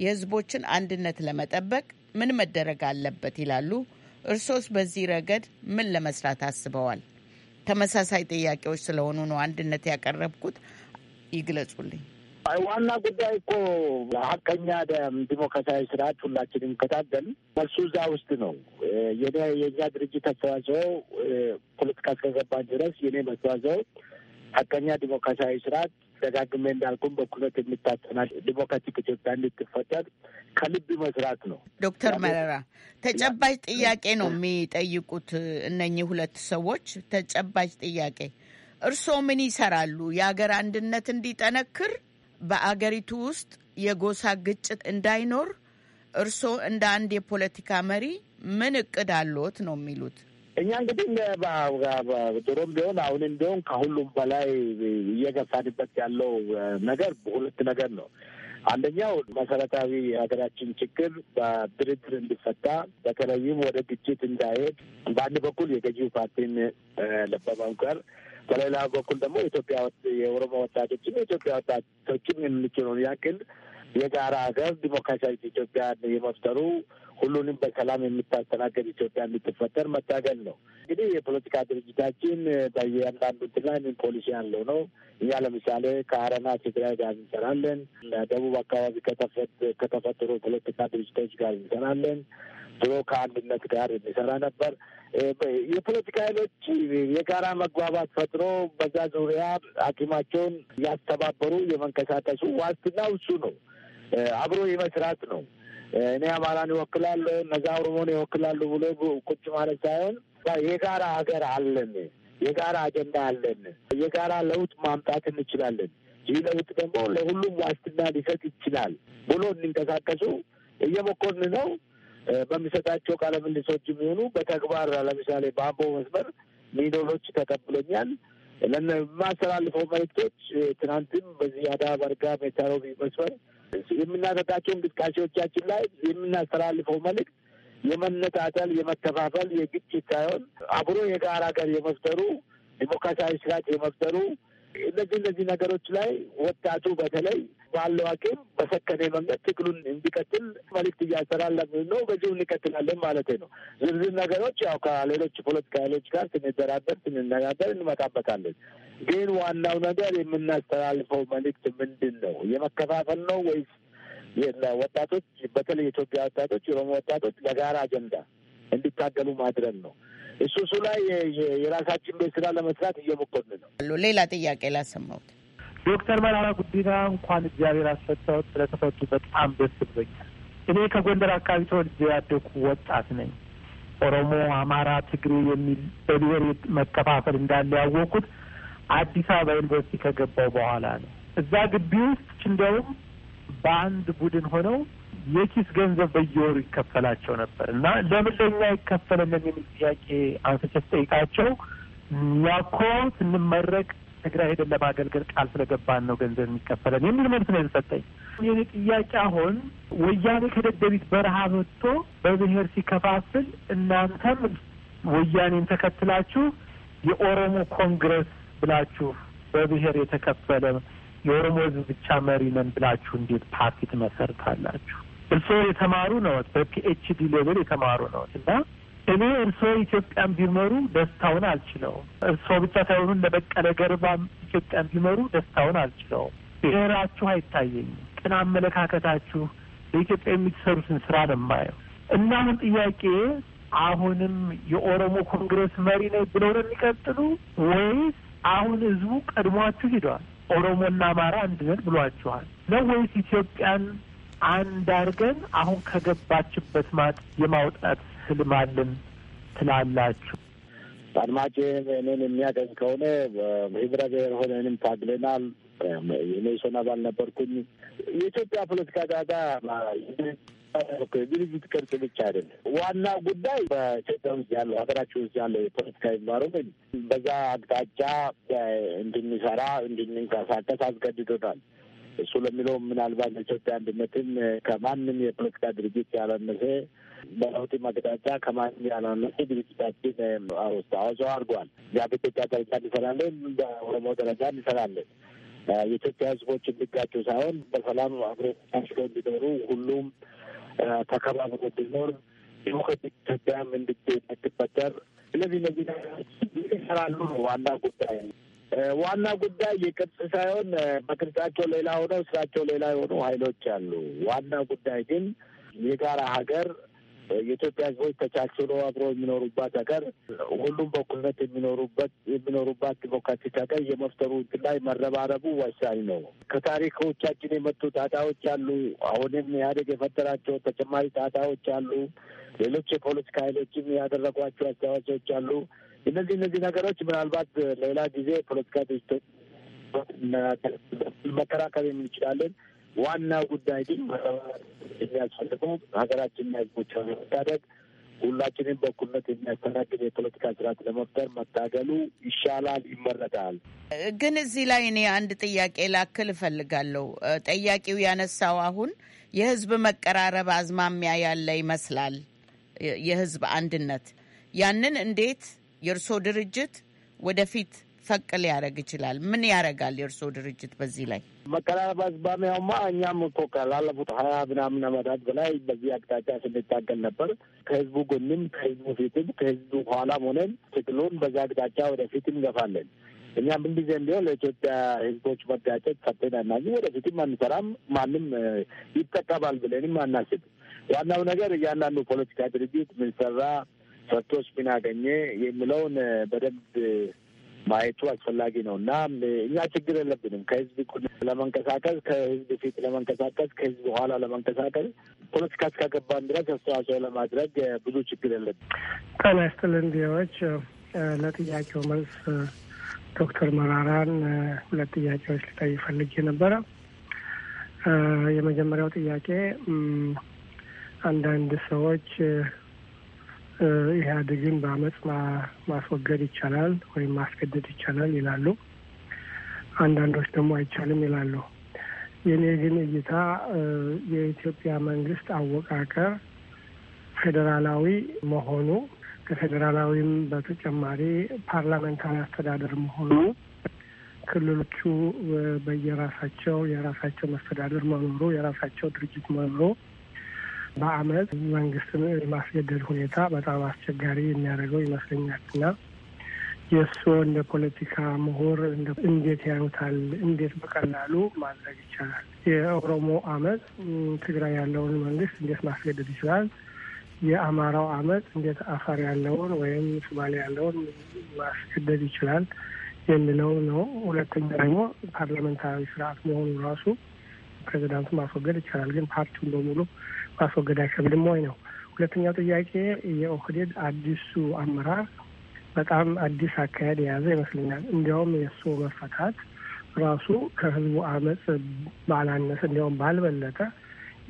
የህዝቦችን አንድነት ለመጠበቅ ምን መደረግ አለበት ይላሉ? እርሶስ በዚህ ረገድ ምን ለመስራት አስበዋል? ተመሳሳይ ጥያቄዎች ስለሆኑ ነው አንድነት ያቀረብኩት። ይግለጹልኝ። አይ ዋና ጉዳይ እኮ ሀቀኛ ዲሞክራሲያዊ ስርዓት ሁላችንም ከታገል መልሱ እዛ ውስጥ ነው። የኔ የእኛ ድርጅት አስተዋጽኦ ፖለቲካ እስከገባን ድረስ የኔ አስተዋጽኦ ሀቀኛ ዲሞክራሲያዊ ስርዓት ደጋግሜ እንዳልኩም በኩነት የሚታጠና ዲሞክራቲክ ኢትዮጵያ እንድትፈጠር ከልብ መስራት ነው። ዶክተር መረራ ተጨባጭ ጥያቄ ነው የሚጠይቁት እነኚህ ሁለት ሰዎች ተጨባጭ ጥያቄ እርስዎ ምን ይሰራሉ የሀገር አንድነት እንዲጠነክር በአገሪቱ ውስጥ የጎሳ ግጭት እንዳይኖር እርስዎ እንደ አንድ የፖለቲካ መሪ ምን እቅድ አለዎት ነው የሚሉት? እኛ እንግዲህ ጥሩም ቢሆን አሁንም ቢሆን ከሁሉም በላይ እየገፋንበት ያለው ነገር ሁለት ነገር ነው። አንደኛው መሰረታዊ የሀገራችን ችግር በድርድር እንዲፈታ በተለይም ወደ ግጭት እንዳይሄድ በአንድ በኩል የገዢው ፓርቲን በማምከር በሌላ በኩል ደግሞ ኢትዮጵያ የኦሮሞ ወጣቶችም የኢትዮጵያ ወጣቶችም የምንችለውን ያክል የጋራ ሀገር ዲሞክራሲያዊ ኢትዮጵያ የመፍጠሩ ሁሉንም በሰላም የምታስተናገድ ኢትዮጵያ እንድትፈጠር መታገል ነው። እንግዲህ የፖለቲካ ድርጅታችን በየአንዳንዱ እንትን ፖሊሲ ያለው ነው። እኛ ለምሳሌ ከአረና ትግራይ ጋር እንሰራለን። ደቡብ አካባቢ ከተፈጠሩ ፖለቲካ ድርጅቶች ጋር እንሰራለን። ድሮ ከአንድነት ጋር የሚሰራ ነበር። የፖለቲካ ኃይሎች የጋራ መግባባት ፈጥሮ በዛ ዙሪያ አቂማቸውን ያስተባበሩ የመንቀሳቀሱ ዋስትና እሱ ነው። አብሮ የመስራት ነው። እኔ አማራን ይወክላሉ፣ እነዛ ኦሮሞን ይወክላሉ ብሎ ቁጭ ማለት ሳይሆን የጋራ ሀገር አለን፣ የጋራ አጀንዳ አለን፣ የጋራ ለውጥ ማምጣት እንችላለን። ይህ ለውጥ ደግሞ ለሁሉም ዋስትና ሊሰጥ ይችላል ብሎ እንንቀሳቀሱ እየሞከርን ነው። በሚሰጣቸው ቃለ ምልልሶች የሚሆኑ በተግባር ለምሳሌ በአምቦ መስመር ሚኖሮች ተቀብሎኛል። ለማስተላልፈው መልክቶች ትናንትም በዚህ አዳ በርጋ ሜታሮቢ መስመር የምናደርጋቸው እንቅስቃሴዎቻችን ላይ የምናስተላልፈው መልእክት የመነጣጠል፣ የመከፋፈል፣ የግጭት ሳይሆን አብሮ የጋራ ሀገር የመፍጠሩ ዲሞክራሲያዊ ስርዓት የመፍጠሩ እነዚህ እነዚህ ነገሮች ላይ ወጣቱ በተለይ ባለው አቅም በሰከነ መንገድ ትግሉን እንዲቀጥል መልዕክት እያስተላለፍን ነው። በዚሁ እንቀጥላለን ማለት ነው። ዝርዝር ነገሮች ያው ከሌሎች ፖለቲካ ኃይሎች ጋር ስንደራደር፣ ስንነጋገር እንመጣበታለን። ግን ዋናው ነገር የምናስተላልፈው መልዕክት ምንድን ነው? የመከፋፈል ነው ወይስ ወጣቶች በተለይ የኢትዮጵያ ወጣቶች፣ የኦሮሞ ወጣቶች ለጋራ አጀንዳ እንዲታገሉ ማድረግ ነው። እሱ እሱ ላይ የራሳችን ቤት ስራ ለመስራት እየሞከርን ነው። ሌላ ጥያቄ ላሰማሁት ዶክተር መራራ ጉዲና እንኳን እግዚአብሔር አስፈታዎት ስለተፈቱ በጣም ደስ ብሎኛል። እኔ ከጎንደር አካባቢ ተወልጄ ያደኩ ወጣት ነኝ። ኦሮሞ፣ አማራ፣ ትግሬ የሚል በብሔር መከፋፈል እንዳለ ያወቅኩት አዲስ አበባ ዩኒቨርሲቲ ከገባው በኋላ ነው። እዛ ግቢ ውስጥ እንደውም በአንድ ቡድን ሆነው የኪስ ገንዘብ በየወሩ ይከፈላቸው ነበር እና ለምን ለኛ ይከፈለልን የሚል ጥያቄ አንስቼ ስጠይቃቸው ያኮ ስንመረቅ ትግራይ ሄደን ለማገልገል ቃል ስለገባን ነው ገንዘብ የሚከፈለን የሚል መልስ ነው የተሰጠኝ። የኔ ጥያቄ አሁን ወያኔ ከደደቢት በረሃ መጥቶ በብሔር ሲከፋፍል እናንተም ወያኔን ተከትላችሁ የኦሮሞ ኮንግረስ ብላችሁ በብሔር የተከፈለ የኦሮሞ ሕዝብ ብቻ መሪ ነን ብላችሁ እንዴት ፓርቲ ትመሰርታላችሁ? እርስዎ የተማሩ ነዎት፣ በፒኤችዲ ሌቨል የተማሩ ነዎት እና እኔ እርስዎ ኢትዮጵያን ቢመሩ ደስታውን አልችለውም። እርስዎ ብቻ ሳይሆኑ ለበቀለ በቀለ ገርባም ኢትዮጵያን ቢመሩ ደስታውን አልችለውም። ብሔራችሁ አይታየኝም። ቅን አመለካከታችሁ ለኢትዮጵያ የሚሰሩትን ስራ ነው የማየው እና አሁን ጥያቄ አሁንም የኦሮሞ ኮንግረስ መሪ ነው ብለው ነው የሚቀጥሉ ወይስ አሁን ህዝቡ ቀድሟችሁ ሂደዋል? ኦሮሞና አማራ አንድ ነን ብሏችኋል ነው ወይስ ኢትዮጵያን አንድ አድርገን አሁን ከገባችበት ማጥ የማውጣት ህልም አለን ትላላችሁ? አድማጭ እኔን የሚያገኝ ከሆነ ህብረ ብሔር ሆነንም ታግለናል። የኔሶን አባል ነበርኩኝ። የኢትዮጵያ ፖለቲካ ዳዳ ድርጅት ቅርጽ ብቻ አይደለም። ዋና ጉዳይ በኢትዮጵያ ውስጥ ያለው ሀገራችን ውስጥ ያለው የፖለቲካ ኢንቫይሮመንት በዛ አቅጣጫ እንድንሰራ እንድንንቀሳቀስ አስገድዶታል። እሱ ለሚለው ምናልባት ኢትዮጵያ አንድነትን ከማንም የፖለቲካ ድርጅት ያላነሰ በለውጥ መቅጣጫ ከማንም ያላነሱ ድርጅታችን አውስ አዋጽኦ እዚያ በኢትዮጵያ ደረጃ እንሰራለን፣ በኦሮሞ ደረጃ እንሰራለን። የኢትዮጵያ ሕዝቦች እንዲጋጩ ሳይሆን በሰላም አብሮ ታሽሎ እንዲኖሩ ሁሉም ተከባብሮ እንዲኖር ይሁከት ኢትዮጵያም እንድትፈጠር እነዚህ እነዚህ ይሰራሉ ነው ዋና ጉዳይ ዋና ጉዳይ የቅርጽ ሳይሆን በቅርጻቸው ሌላ ሆነው ስራቸው ሌላ የሆኑ ሀይሎች አሉ። ዋና ጉዳይ ግን የጋራ ሀገር የኢትዮጵያ ሕዝቦች ተቻችሎ አብሮ የሚኖሩባት ሀገር ሁሉም በኩልነት የሚኖሩበት የሚኖሩባት ዲሞክራቲክ ሀገር የመፍጠሩ እንትን ላይ መረባረቡ ወሳኝ ነው። ከታሪክ ከታሪኮቻችን የመጡ ጣጣዎች አሉ። አሁንም ኢህአዴግ የፈጠራቸው ተጨማሪ ጣጣዎች አሉ። ሌሎች የፖለቲካ ኃይሎችም ያደረጓቸው አስተዋጽኦች አሉ። እነዚህ እነዚህ ነገሮች ምናልባት ሌላ ጊዜ ፖለቲካ ድርጅቶች መከራከር የምንችላለን ዋና ጉዳይ ግን የሚያስፈልገው ሀገራችንና ህዝቦች ለመታደግ ሁላችንም በእኩልነት የሚያስተናግድ የፖለቲካ ስርዓት ለመፍጠር መታገሉ ይሻላል፣ ይመረጣል። ግን እዚህ ላይ እኔ አንድ ጥያቄ ላክል እፈልጋለሁ። ጠያቂው ያነሳው አሁን የህዝብ መቀራረብ አዝማሚያ ያለ ይመስላል። የህዝብ አንድነት ያንን እንዴት የእርሶ ድርጅት ወደፊት ፈቅ ሊያደርግ ይችላል። ምን ያደርጋል የእርስዎ ድርጅት በዚህ ላይ? መቀራረብ አዝማሚያውማ እኛም እኮ ካላለፉት ሀያ ምናምን አመታት በላይ በዚህ አቅጣጫ ስንታገል ነበር። ከህዝቡ ጎንም ከህዝቡ ፊትም ከህዝቡ ኋላም ሆነን ትግሉን በዚህ አቅጣጫ ወደፊት እንገፋለን። እኛም ምንጊዜም ቢሆን ለኢትዮጵያ ህዝቦች መጋጨት ፈትን አናዚ ወደፊትም አንሰራም። ማንም ይጠቀማል ብለንም አናስብ። ዋናው ነገር እያንዳንዱ ፖለቲካ ድርጅት ምንሰራ ሰራ፣ ሰርቶች ምን አገኘ የሚለውን በደንብ ማየቱ አስፈላጊ ነው እና እኛ ችግር የለብንም። ከህዝብ ለመንቀሳቀስ፣ ከህዝብ ፊት ለመንቀሳቀስ፣ ከህዝብ በኋላ ለመንቀሳቀስ ፖለቲካ እስካገባን ድረስ አስተዋጽኦ ለማድረግ ብዙ ችግር የለብንም። ጤና ይስጥልን ቪዎች ለጥያቄው መልስ ዶክተር መራራን ሁለት ጥያቄዎች ልጠይቅ ፈልጌ ነበረ። የመጀመሪያው ጥያቄ አንዳንድ ሰዎች ኢህአዴግን በአመፅ ማስወገድ ይቻላል ወይም ማስገደድ ይቻላል ይላሉ። አንዳንዶች ደግሞ አይቻልም ይላሉ። የእኔ ግን እይታ የኢትዮጵያ መንግስት አወቃቀር ፌዴራላዊ መሆኑ ከፌዴራላዊም በተጨማሪ ፓርላመንታዊ አስተዳደር መሆኑ ክልሎቹ በየራሳቸው የራሳቸው መስተዳደር መኖሩ የራሳቸው ድርጅት መኖሩ በአመት መንግስትን የማስገደድ ሁኔታ በጣም አስቸጋሪ የሚያደርገው ይመስለኛል እና የእሱ እንደ ፖለቲካ ምሁር እንዴት ያዩታል? እንዴት በቀላሉ ማድረግ ይቻላል? የኦሮሞ አመፅ ትግራይ ያለውን መንግስት እንዴት ማስገደድ ይችላል? የአማራው አመፅ እንዴት አፋር ያለውን ወይም ሶማሌ ያለውን ማስገደድ ይችላል የሚለው ነው። ሁለተኛ ደግሞ ፓርላመንታዊ ስርዓት መሆኑ ራሱ ፕሬዚዳንቱ ማስወገድ ይቻላል፣ ግን ፓርቲውን በሙሉ ማስወገድ አይከብድም ወይ ነው። ሁለተኛው ጥያቄ የኦህዴድ አዲሱ አመራር በጣም አዲስ አካሄድ የያዘ ይመስለኛል። እንዲያውም የእሱ መፈታት ራሱ ከህዝቡ አመፅ ባላነሰ እንዲያውም ባልበለጠ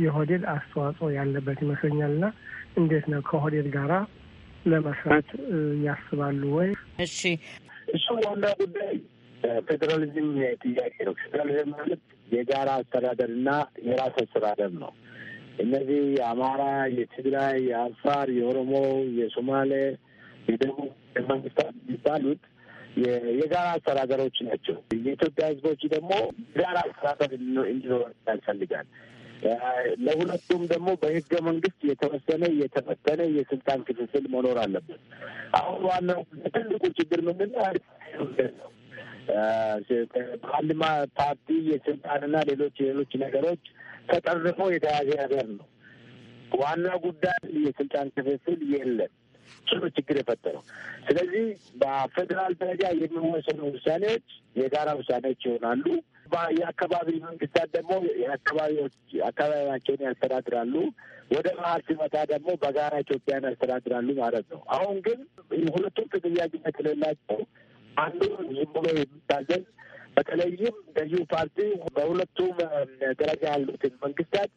የኦህዴድ አስተዋጽኦ ያለበት ይመስለኛል። እና እንዴት ነው ከኦህዴድ ጋራ ለመስራት ያስባሉ ወይ? እሺ፣ እሱ ዋና ጉዳይ ፌዴራሊዝም ጥያቄ ነው። ፌዴራሊዝም ማለት የጋራ አስተዳደር እና የራስ አስተዳደር ነው። እነዚህ የአማራ፣ የትግራይ፣ የአፋር፣ የኦሮሞ፣ የሶማሌ፣ የደቡብ መንግስታት የሚባሉት የጋራ አስተዳደሮች ናቸው። የኢትዮጵያ ህዝቦች ደግሞ የጋራ አስተዳደር እንዲኖር ያስፈልጋል። ለሁለቱም ደግሞ በህገ መንግስት የተወሰነ የተፈተነ የስልጣን ክፍፍል መኖር አለበት። አሁን ዋናው ትልቁ ችግር ምንድነው? ባልማ ፓርቲ የስልጣንና ሌሎች ሌሎች ነገሮች ተጠርፎ የተያዘ ነገር ነው። ዋና ጉዳይ የስልጣን ክፍፍል የለም። ጽኑ ችግር የፈጠረው። ስለዚህ በፌዴራል ደረጃ የሚወሰኑ ውሳኔዎች የጋራ ውሳኔዎች ይሆናሉ። የአካባቢ መንግስታት ደግሞ የአካባቢዎች አካባቢያቸውን ያስተዳድራሉ። ወደ መሀል ሲመጣ ደግሞ በጋራ ኢትዮጵያን ያስተዳድራሉ ማለት ነው። አሁን ግን ሁለቱም ተጠያቂነት የሌላቸው አንዱ ዝም ብሎ የሚታዘዝ በተለይም ገዢው ፓርቲ በሁለቱም ደረጃ ያሉትን መንግስታት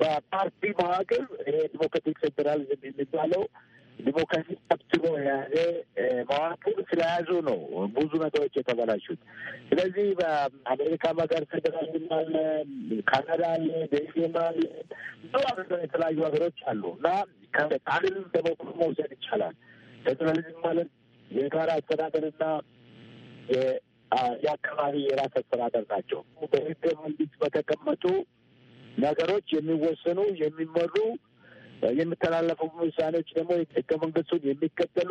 በፓርቲ መዋቅር ይሄ ዲሞክራቲክ ፌዴራሊዝም የሚባለው ዲሞክራሲ ጠብትሮ የያዘ መዋቅር ስለያዙ ነው ብዙ ነገሮች የተበላሹት። ስለዚህ በአሜሪካ ሀገር ፌዴራሊዝም አለ፣ ካናዳ አለ፣ ቤልጅየም አለ፣ ብዙ ሀገር የተለያዩ ሀገሮች አሉ እና ከጣልም ደግሞ መውሰድ ይቻላል። ፌዴራሊዝም ማለት የጋራ አስተዳደርና የአካባቢ የራስ አስተዳደር ናቸው። በህገ መንግስት በተቀመጡ ነገሮች የሚወሰኑ የሚመሩ የሚተላለፉ ውሳኔዎች ደግሞ ህገ መንግስቱን የሚከተሉ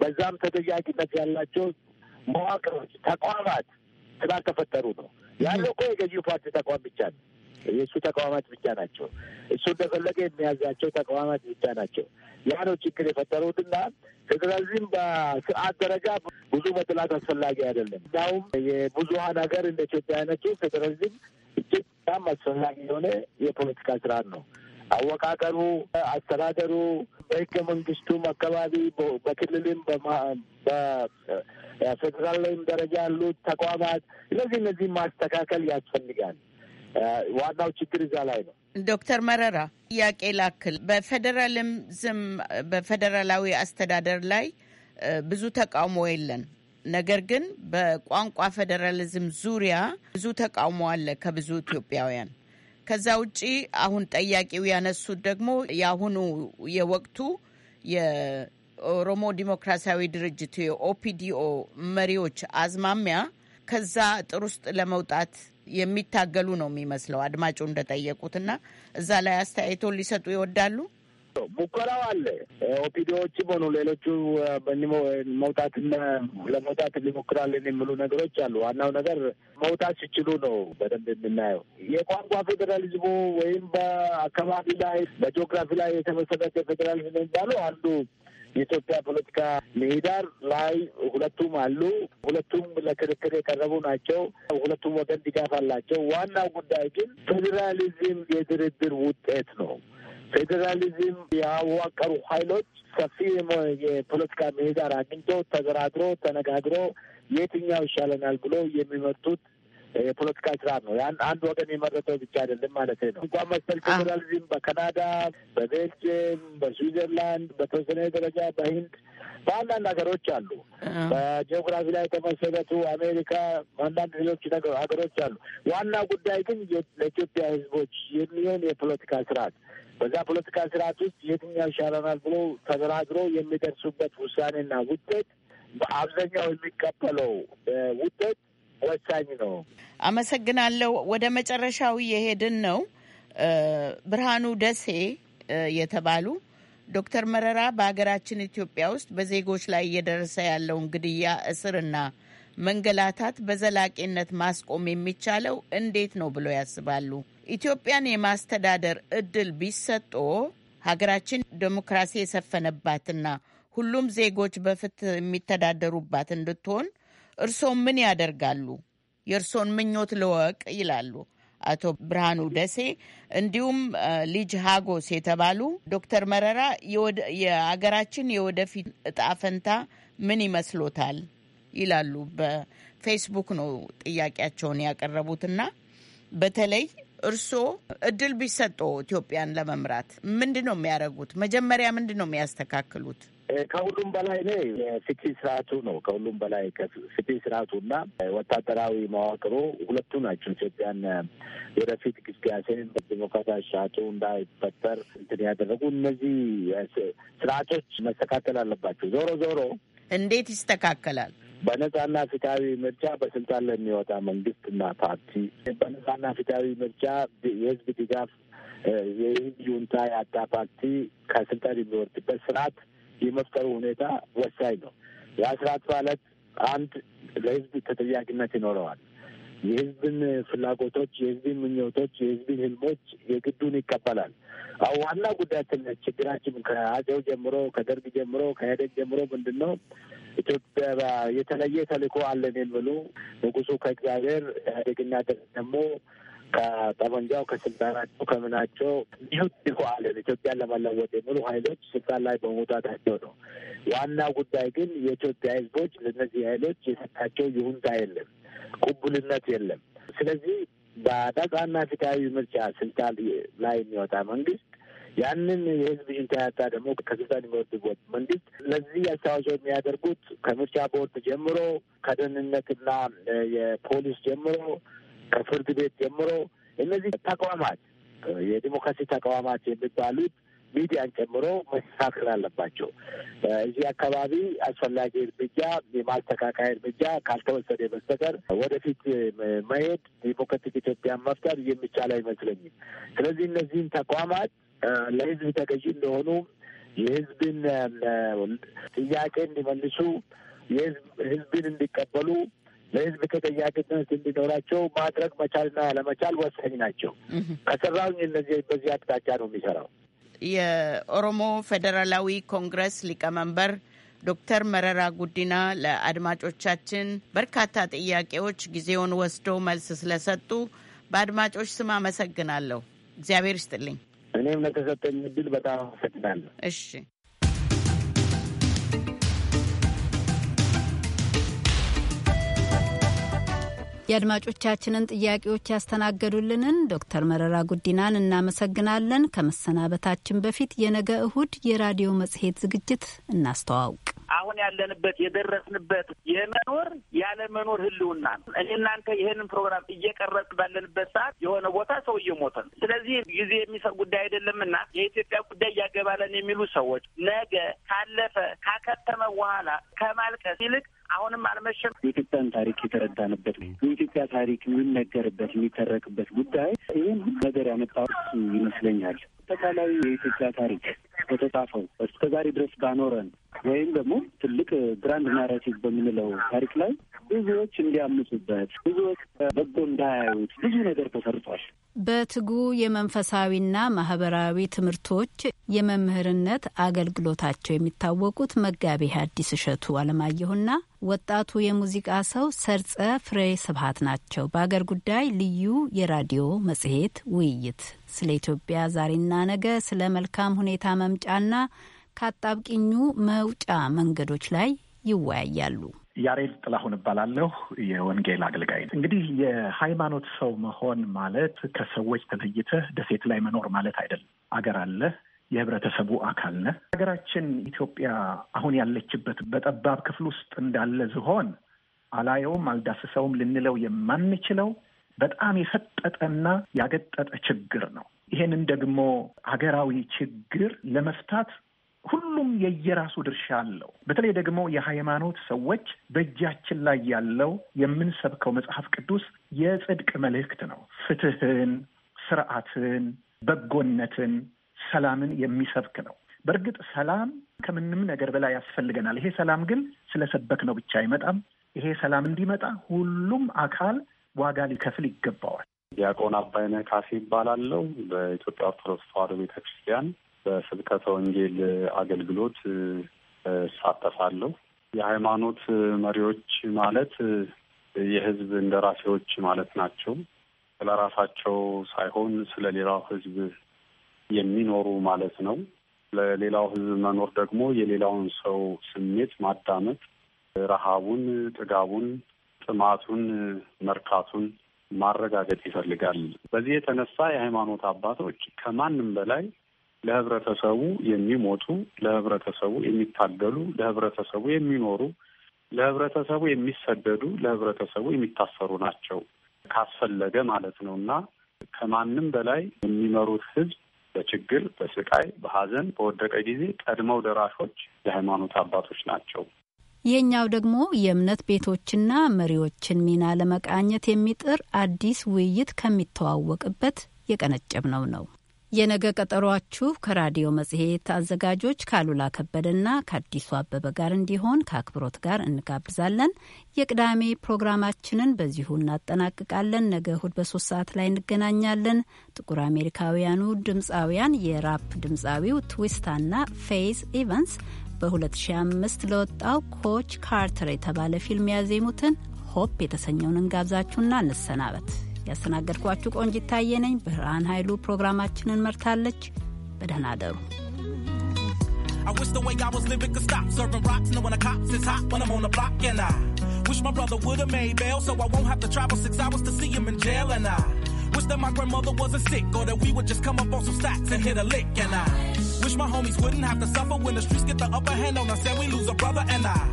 በዛም ተጠያቂነት ያላቸው መዋቅሮች፣ ተቋማት ስላልተፈጠሩ ነው ያለው እኮ የገዢው ፓርቲ ተቋም ብቻ ነው። የእሱ ተቋማት ብቻ ናቸው። እሱ እንደፈለገ የሚያዛቸው ተቋማት ብቻ ናቸው። ያ ነው ችግር የፈጠሩትና ፌዴራሊዝም በስርዓት ደረጃ ብዙ መጥላት አስፈላጊ አይደለም። እንዲሁም የብዙሀን ሀገር እንደ ኢትዮጵያ አይነቱ ፌዴራሊዝም እጅግ በጣም አስፈላጊ የሆነ የፖለቲካ ስርዓት ነው። አወቃቀሩ፣ አስተዳደሩ በህገ መንግስቱም አካባቢ በክልልም በፌዴራል ላይም ደረጃ ያሉት ተቋማት እነዚህ እነዚህ ማስተካከል ያስፈልጋል። ዋናው ችግር እዛ ላይ ነው። ዶክተር መረራ ጥያቄ ላክል። በፌዴራልም ዝም በፌዴራላዊ አስተዳደር ላይ ብዙ ተቃውሞ የለን። ነገር ግን በቋንቋ ፌዴራሊዝም ዙሪያ ብዙ ተቃውሞ አለ ከብዙ ኢትዮጵያውያን። ከዛ ውጪ አሁን ጠያቂው ያነሱት ደግሞ የአሁኑ የወቅቱ የኦሮሞ ዲሞክራሲያዊ ድርጅት የኦፒዲኦ መሪዎች አዝማሚያ ከዛ ጥር ውስጥ ለመውጣት የሚታገሉ ነው የሚመስለው አድማጩ እንደጠየቁትና እዛ ላይ አስተያየቶን ሊሰጡ ይወዳሉ። ሙከራው አለ። ኦፒዲዎችም ሆኑ ሌሎቹ መውጣትና ለመውጣት ሊሞክራልን የሚሉ ነገሮች አሉ። ዋናው ነገር መውጣት ሲችሉ ነው በደንብ የምናየው። የቋንቋ ፌዴራሊዝሙ ወይም በአካባቢ ላይ በጂኦግራፊ ላይ የተመሰረተ ፌዴራሊዝም የሚባለው አንዱ የኢትዮጵያ ፖለቲካ ምህዳር ላይ ሁለቱም አሉ። ሁለቱም ለክርክር የቀረቡ ናቸው። ሁለቱም ወገን ድጋፍ አላቸው። ዋናው ጉዳይ ግን ፌዴራሊዝም የድርድር ውጤት ነው። ፌዴራሊዝም ያዋቀሩ ኃይሎች ሰፊ የፖለቲካ ምህዳር አግኝቶ ተደራድሮ ተነጋግሮ የትኛው ይሻለናል ብሎ የሚመርጡት የፖለቲካ ስርዓት ነው። ያን አንድ ወገን የመረጠው ብቻ አይደለም ማለት ነው። እንኳን መሰል ፌዴራሊዝም በካናዳ፣ በቤልጅየም፣ በስዊዘርላንድ በተወሰነ ደረጃ በሂንድ በአንዳንድ ሀገሮች አሉ። በጂኦግራፊ ላይ የተመሰረቱ አሜሪካ፣ አንዳንድ ሌሎች ሀገሮች አሉ። ዋና ጉዳይ ግን ለኢትዮጵያ ህዝቦች የሚሆን የፖለቲካ ስርዓት በዛ ፖለቲካ ስርዓት ውስጥ የትኛው ይሻለናል ብሎ ተደራድሮ የሚደርሱበት ውሳኔና ውጤት በአብዛኛው የሚቀበለው ውጤት ወሳኝ ነው። አመሰግናለሁ። ወደ መጨረሻው የሄድን ነው። ብርሃኑ ደሴ የተባሉ ዶክተር መረራ በሀገራችን ኢትዮጵያ ውስጥ በዜጎች ላይ እየደረሰ ያለውን ግድያ፣ እስርና መንገላታት በዘላቂነት ማስቆም የሚቻለው እንዴት ነው ብለው ያስባሉ? ኢትዮጵያን የማስተዳደር እድል ቢሰጦ ሀገራችን ዴሞክራሲ የሰፈነባትና ሁሉም ዜጎች በፍትህ የሚተዳደሩባት እንድትሆን እርሶም ምን ያደርጋሉ? የእርሶን ምኞት ልወቅ ይላሉ አቶ ብርሃኑ ደሴ እንዲሁም ልጅ ሀጎስ የተባሉ ዶክተር መረራ የሀገራችን የወደፊት እጣ ፈንታ ምን ይመስሎታል ይላሉ። በፌስቡክ ነው ጥያቄያቸውን ያቀረቡትና በተለይ እርስዎ እድል ቢሰጡ ኢትዮጵያን ለመምራት ምንድን ነው የሚያደርጉት? መጀመሪያ ምንድን ነው የሚያስተካክሉት? ከሁሉም በላይ ነ የፍትህ ስርዓቱ ነው። ከሁሉም በላይ ፍትህ ስርዓቱ እና ወታደራዊ መዋቅሩ ሁለቱ ናቸው ኢትዮጵያን ወደፊት ግስጋሴን በዲሞክራሲያዊ ስርዓቱ እንዳይፈጠር እንትን ያደረጉ እነዚህ ስርዓቶች መስተካከል አለባቸው። ዞሮ ዞሮ እንዴት ይስተካከላል? በነጻና ፍትሐዊ ምርጫ በስልጣን ለሚወጣ መንግስትና ፓርቲ በነጻና ፍትሐዊ ምርጫ የህዝብ ድጋፍ የህዝብ ያጣ ፓርቲ ከስልጣን የሚወርድበት ስርዓት የመፍጠሩ ሁኔታ ወሳኝ ነው። ያ ስርዓት ማለት አንድ ለህዝብ ተጠያቂነት ይኖረዋል። የህዝብን ፍላጎቶች፣ የህዝብን ምኞቶች፣ የህዝብን ህልሞች የግዱን ይቀበላል። አሁ ዋና ጉዳያችን ችግራችን ከአጼው ጀምሮ ከደርግ ጀምሮ ከኢህአዴግ ጀምሮ ምንድን ነው ኢትዮጵያ የተለየ ተልእኮ አለን የሚሉ ንጉሱ ከእግዚአብሔር ኢህአዴግና ደግሞ ከጠመንጃው ከስልጣናቸው ከምናቸው ይህ ተልእኮ አለን ኢትዮጵያን ለመለወጥ የሚሉ ሀይሎች ስልጣን ላይ በመውጣታቸው ነው። ዋና ጉዳይ ግን የኢትዮጵያ ህዝቦች ለእነዚህ ሀይሎች የሰጣቸው ይሁንታ የለም፣ ቁቡልነት የለም። ስለዚህ በነጻና ፍትሃዊ ምርጫ ስልጣን ላይ የሚወጣ መንግስት ያንን የህዝብ ሽንታ ያጣ ደግሞ ከስልጣን የሚወድበት መንግስት ለዚህ አስተዋጽኦ የሚያደርጉት ከምርጫ ቦርድ ጀምሮ ከደህንነትና የፖሊስ ጀምሮ ከፍርድ ቤት ጀምሮ እነዚህ ተቋማት የዲሞክራሲ ተቋማት የሚባሉት ሚዲያን ጨምሮ መስተካከል አለባቸው። እዚህ አካባቢ አስፈላጊ እርምጃ የማስተካከያ እርምጃ ካልተወሰደ በስተቀር ወደፊት መሄድ ዲሞክራቲክ ኢትዮጵያን መፍጠር የሚቻል አይመስለኝም። ስለዚህ እነዚህን ተቋማት ለህዝብ ተገዥ እንደሆኑ የህዝብን ጥያቄ እንዲመልሱ ህዝብን እንዲቀበሉ ለህዝብ ተጠያቂነት እንዲኖራቸው ማድረግ መቻልና ያለመቻል ወሳኝ ናቸው። ከሰራውኝ እነዚህ በዚህ አቅጣጫ ነው የሚሰራው። የኦሮሞ ፌዴራላዊ ኮንግረስ ሊቀመንበር ዶክተር መረራ ጉዲና ለአድማጮቻችን በርካታ ጥያቄዎች ጊዜውን ወስደው መልስ ስለሰጡ በአድማጮች ስም አመሰግናለሁ። እግዚአብሔር ይስጥልኝ። እኔም ለተሰጠኝ እድል በጣም አመሰግናለሁ። እሺ የአድማጮቻችንን ጥያቄዎች ያስተናገዱልንን ዶክተር መረራ ጉዲናን እናመሰግናለን። ከመሰናበታችን በፊት የነገ እሁድ የራዲዮ መጽሔት ዝግጅት እናስተዋውቅ። አሁን ያለንበት የደረስንበት የመኖር ያለመኖር ህልውና ነው። እኔ እናንተ ይህንን ፕሮግራም እየቀረጽ ባለንበት ሰዓት የሆነ ቦታ ሰው እየሞተ ነው። ስለዚህ ጊዜ የሚሰጥ ጉዳይ አይደለምና የኢትዮጵያ ጉዳይ እያገባለን የሚሉ ሰዎች ነገ ካለፈ ካከተመ በኋላ ከማልቀስ ይልቅ አሁንም አልመሸም። የኢትዮጵያን ታሪክ የተረዳንበት የኢትዮጵያ ታሪክ የሚነገርበት የሚተረክበት ጉዳይ ይህን ነገር ያመጣው ይመስለኛል። አጠቃላይ የኢትዮጵያ ታሪክ በተጻፈው እስከዛሬ ድረስ ባኖረን ወይም ደግሞ ትልቅ ግራንድ ናራቲቭ በምንለው ታሪክ ላይ ብዙዎች እንዲያምፁበት፣ ብዙዎች በጎ እንዳያዩት ብዙ ነገር ተሰርቷል። በትጉ የመንፈሳዊና ማህበራዊ ትምህርቶች የመምህርነት አገልግሎታቸው የሚታወቁት መጋቤ ሐዲስ እሸቱ አለማየሁና ወጣቱ የሙዚቃ ሰው ሰርጸ ፍሬ ስብሀት ናቸው። በአገር ጉዳይ ልዩ የራዲዮ መጽሔት ውይይት ስለ ኢትዮጵያ ዛሬና ነገ፣ ስለ መልካም ሁኔታ መምጫና ከአጣብቂኙ መውጫ መንገዶች ላይ ይወያያሉ። ያሬድ ጥላሁን እባላለሁ። የወንጌል አገልጋይ ነው። እንግዲህ የሃይማኖት ሰው መሆን ማለት ከሰዎች ተለይተህ ደሴት ላይ መኖር ማለት አይደለም። አገር አለ፣ የህብረተሰቡ አካል ነህ። ሀገራችን ኢትዮጵያ አሁን ያለችበት በጠባብ ክፍል ውስጥ እንዳለ ዝሆን አላየውም፣ አልዳስሰውም ልንለው የማንችለው በጣም የሰጠጠና ያገጠጠ ችግር ነው። ይሄንን ደግሞ ሀገራዊ ችግር ለመፍታት ሁሉም የየራሱ ድርሻ አለው። በተለይ ደግሞ የሃይማኖት ሰዎች በእጃችን ላይ ያለው የምንሰብከው መጽሐፍ ቅዱስ የጽድቅ መልእክት ነው። ፍትህን፣ ስርዓትን፣ በጎነትን፣ ሰላምን የሚሰብክ ነው። በእርግጥ ሰላም ከምንም ነገር በላይ ያስፈልገናል። ይሄ ሰላም ግን ስለሰበክ ነው ብቻ አይመጣም። ይሄ ሰላም እንዲመጣ ሁሉም አካል ዋጋ ሊከፍል ይገባዋል። ዲያቆን አባይነህ ካሴ ይባላለው በኢትዮጵያ ኦርቶዶክስ ተዋሕዶ ቤተክርስቲያን በስብከተ ወንጌል አገልግሎት እሳተፋለሁ። የሃይማኖት መሪዎች ማለት የህዝብ እንደራሴዎች ማለት ናቸው። ስለ ራሳቸው ሳይሆን ስለ ሌላው ህዝብ የሚኖሩ ማለት ነው። ለሌላው ህዝብ መኖር ደግሞ የሌላውን ሰው ስሜት ማዳመጥ፣ ረሃቡን፣ ጥጋቡን፣ ጥማቱን መርካቱን ማረጋገጥ ይፈልጋል። በዚህ የተነሳ የሃይማኖት አባቶች ከማንም በላይ ለህብረተሰቡ የሚሞቱ፣ ለህብረተሰቡ የሚታገሉ፣ ለህብረተሰቡ የሚኖሩ፣ ለህብረተሰቡ የሚሰደዱ፣ ለህብረተሰቡ የሚታሰሩ ናቸው ካስፈለገ ማለት ነው እና ከማንም በላይ የሚመሩት ህዝብ በችግር፣ በስቃይ፣ በሀዘን፣ በወደቀ ጊዜ ቀድመው ደራሾች የሃይማኖት አባቶች ናቸው። የእኛው ደግሞ የእምነት ቤቶችና መሪዎችን ሚና ለመቃኘት የሚጥር አዲስ ውይይት ከሚተዋወቅበት የቀነጨብነው ነው። የነገ ቀጠሯችሁ ከራዲዮ መጽሔት አዘጋጆች ካሉላ ከበደና ከአዲሱ አበበ ጋር እንዲሆን ከአክብሮት ጋር እንጋብዛለን። የቅዳሜ ፕሮግራማችንን በዚሁ እናጠናቅቃለን። ነገ እሁድ በሶስት ሰዓት ላይ እንገናኛለን። ጥቁር አሜሪካውያኑ ድምፃውያን የራፕ ድምፃዊው ትዊስታና ፌይዝ ኢቨንስ በ2005 ለወጣው ኮች ካርተር የተባለ ፊልም ያዜሙትን ሆፕ የተሰኘውን እንጋብዛችሁና እንሰናበት። ያስተናገድኳችሁ ቆንጅ ይታየነኝ። ብርሃን ኃይሉ ፕሮግራማችንን መርታለች። በደህና አደሩ። I wish the way I was living could stop serving rocks, knowing the cops is hot when I'm on the block, and I wish my brother would have made bail so I won't have to travel six hours to see him in jail, and I Wish that my grandmother wasn't sick or that we would just come up on some stacks and hit a lick. And I wish my homies wouldn't have to suffer when the streets get the upper hand on us and we lose a brother. And I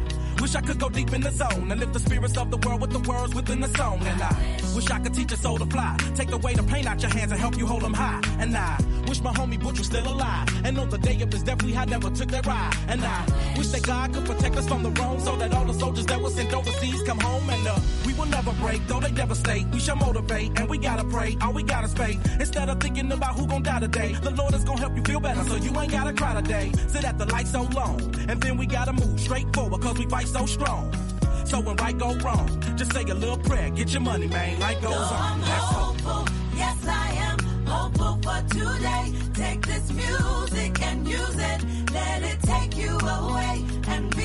Wish I could go deep in the zone and lift the spirits of the world with the words within the song. And I wish I could teach a soul to fly. Take away the pain out your hands and help you hold them high. And I wish my homie Butch was still alive. And on the day of his death, we had never took that ride. And I wish that God could protect us from the wrong so that all the soldiers that were sent overseas come home. And uh, we will never break, though they devastate. We shall motivate, and we gotta pray. All we gotta faith. Instead of thinking about who gon' die today, the Lord is gonna help you feel better so you ain't gotta cry today. Sit at the light so long, and then we gotta move straight forward, cause we fight so strong. So when right go wrong, just say a little prayer. Get your money, man. Life goes no, on. I'm hopeful. Yes, I am hopeful for today. Take this music and use it. Let it take you away and be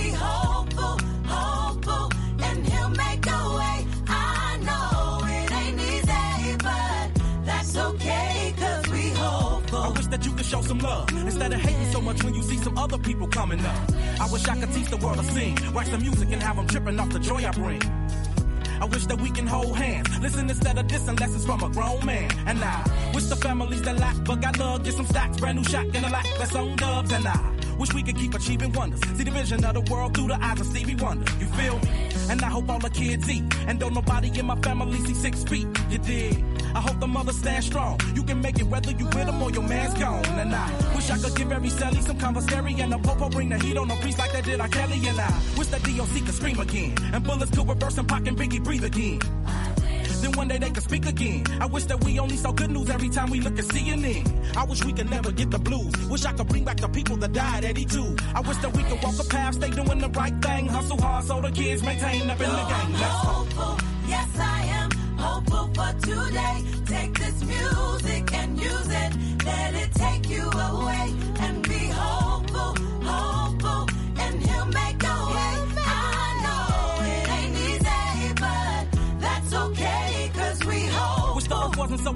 show some love. Instead of hating so much when you see some other people coming up. I wish I could teach the world to sing, write some music and have them tripping off the joy I bring. I wish that we can hold hands. Listen instead of dissing lessons from a grown man. And I wish the families that lack, but got love, get some stocks, brand new shot in the lot that's on dubs. And I wish we could keep achieving wonders. See the vision of the world through the eyes of Stevie Wonder. You feel me? And I hope all the kids eat. And don't nobody in my family see six feet. You did. I hope the mother stand strong. You can make it whether you with them or your man's gone. And I wish I could give every Sally some commissary and a popo bring the heat on the priest like they did I Kelly and I. Wish that DOC could scream again. And bullets could reverse and Pac and Biggie breathe again hoping one day they could speak again. I wish that we only saw good news every time we look at CNN. I wish we could never get the blues. Wish I could bring back the people that died at 82. I wish that we could walk the path, stay doing the right thing. Hustle hard so the kids maintain up in the game. Let's hopeful. Yes, I am hopeful for today. Take this music and use it. Let it take you away.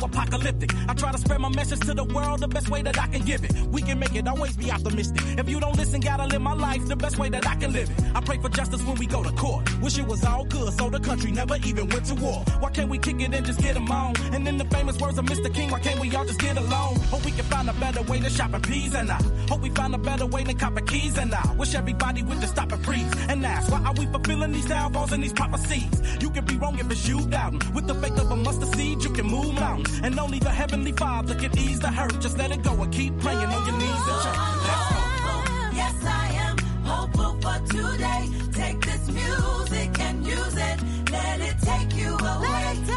so apocalyptic. I try to spread my message to the world the best way that I can give it. We can make it, always be optimistic. If you don't listen, gotta live my life the best way that I can live it. I pray for justice when we go to court. Wish it was all good, so the country never even went to war. Why can't we kick it and just get them on? And in the famous words of Mr. King, why can't we all just get along? Hope we can find a better way to shop and peas and I hope we find a better way to cop a keys and I wish everybody would just stop and breathe and ask why are we fulfilling these downfalls and these prophecies? You can be wrong if it's you doubting. With the faith of a mustard seed, you can move mountains. And only the Heavenly Father can ease the hurt. Just let it go and keep praying on your knees Yes, I am hopeful for today. Take this music and use it. Let it take you away.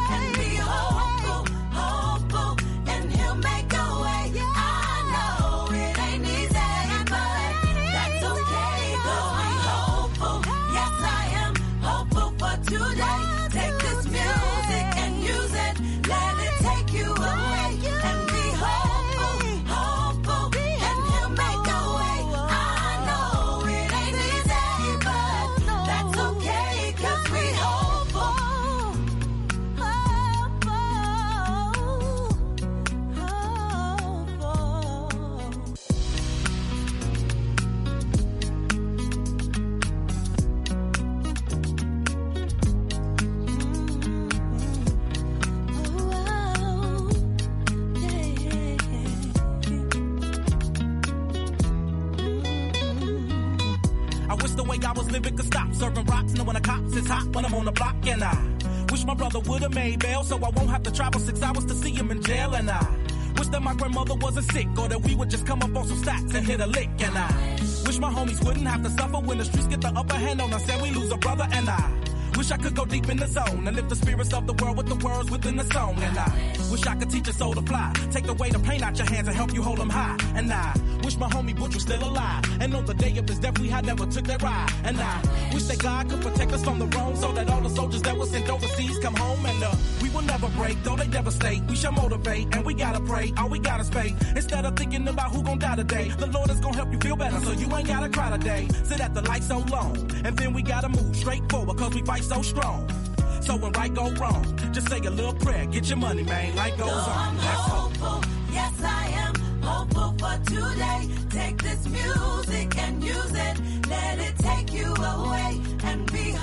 bail, so I won't have to travel six hours to see him in jail. And I wish that my grandmother wasn't sick, or that we would just come up on some stacks and hit a lick. And I wish my homies wouldn't have to suffer when the streets get the upper hand on us and we lose a brother. And I Wish I could go deep in the zone and lift the spirits of the world with the words within the song. And I wish I could teach a soul to fly, take away the pain out your hands and help you hold them high. And I Wish my homie Butch was still alive. And on the day of his death, we had never took that ride. And I wish that God could protect us from the wrong so that all the soldiers that were sent overseas come home. And uh, we will never break, though they devastate. We shall motivate, and we gotta pray. All we gotta pay. Instead of thinking about who gon' die today, the Lord is gonna help you feel better, so you ain't gotta cry today. Sit at the light so long, and then we gotta move straight forward, cause we fight so strong. So when right go wrong, just say a little prayer, get your money, man. Life goes That's on today. Take this music and use it. Let it take you away and be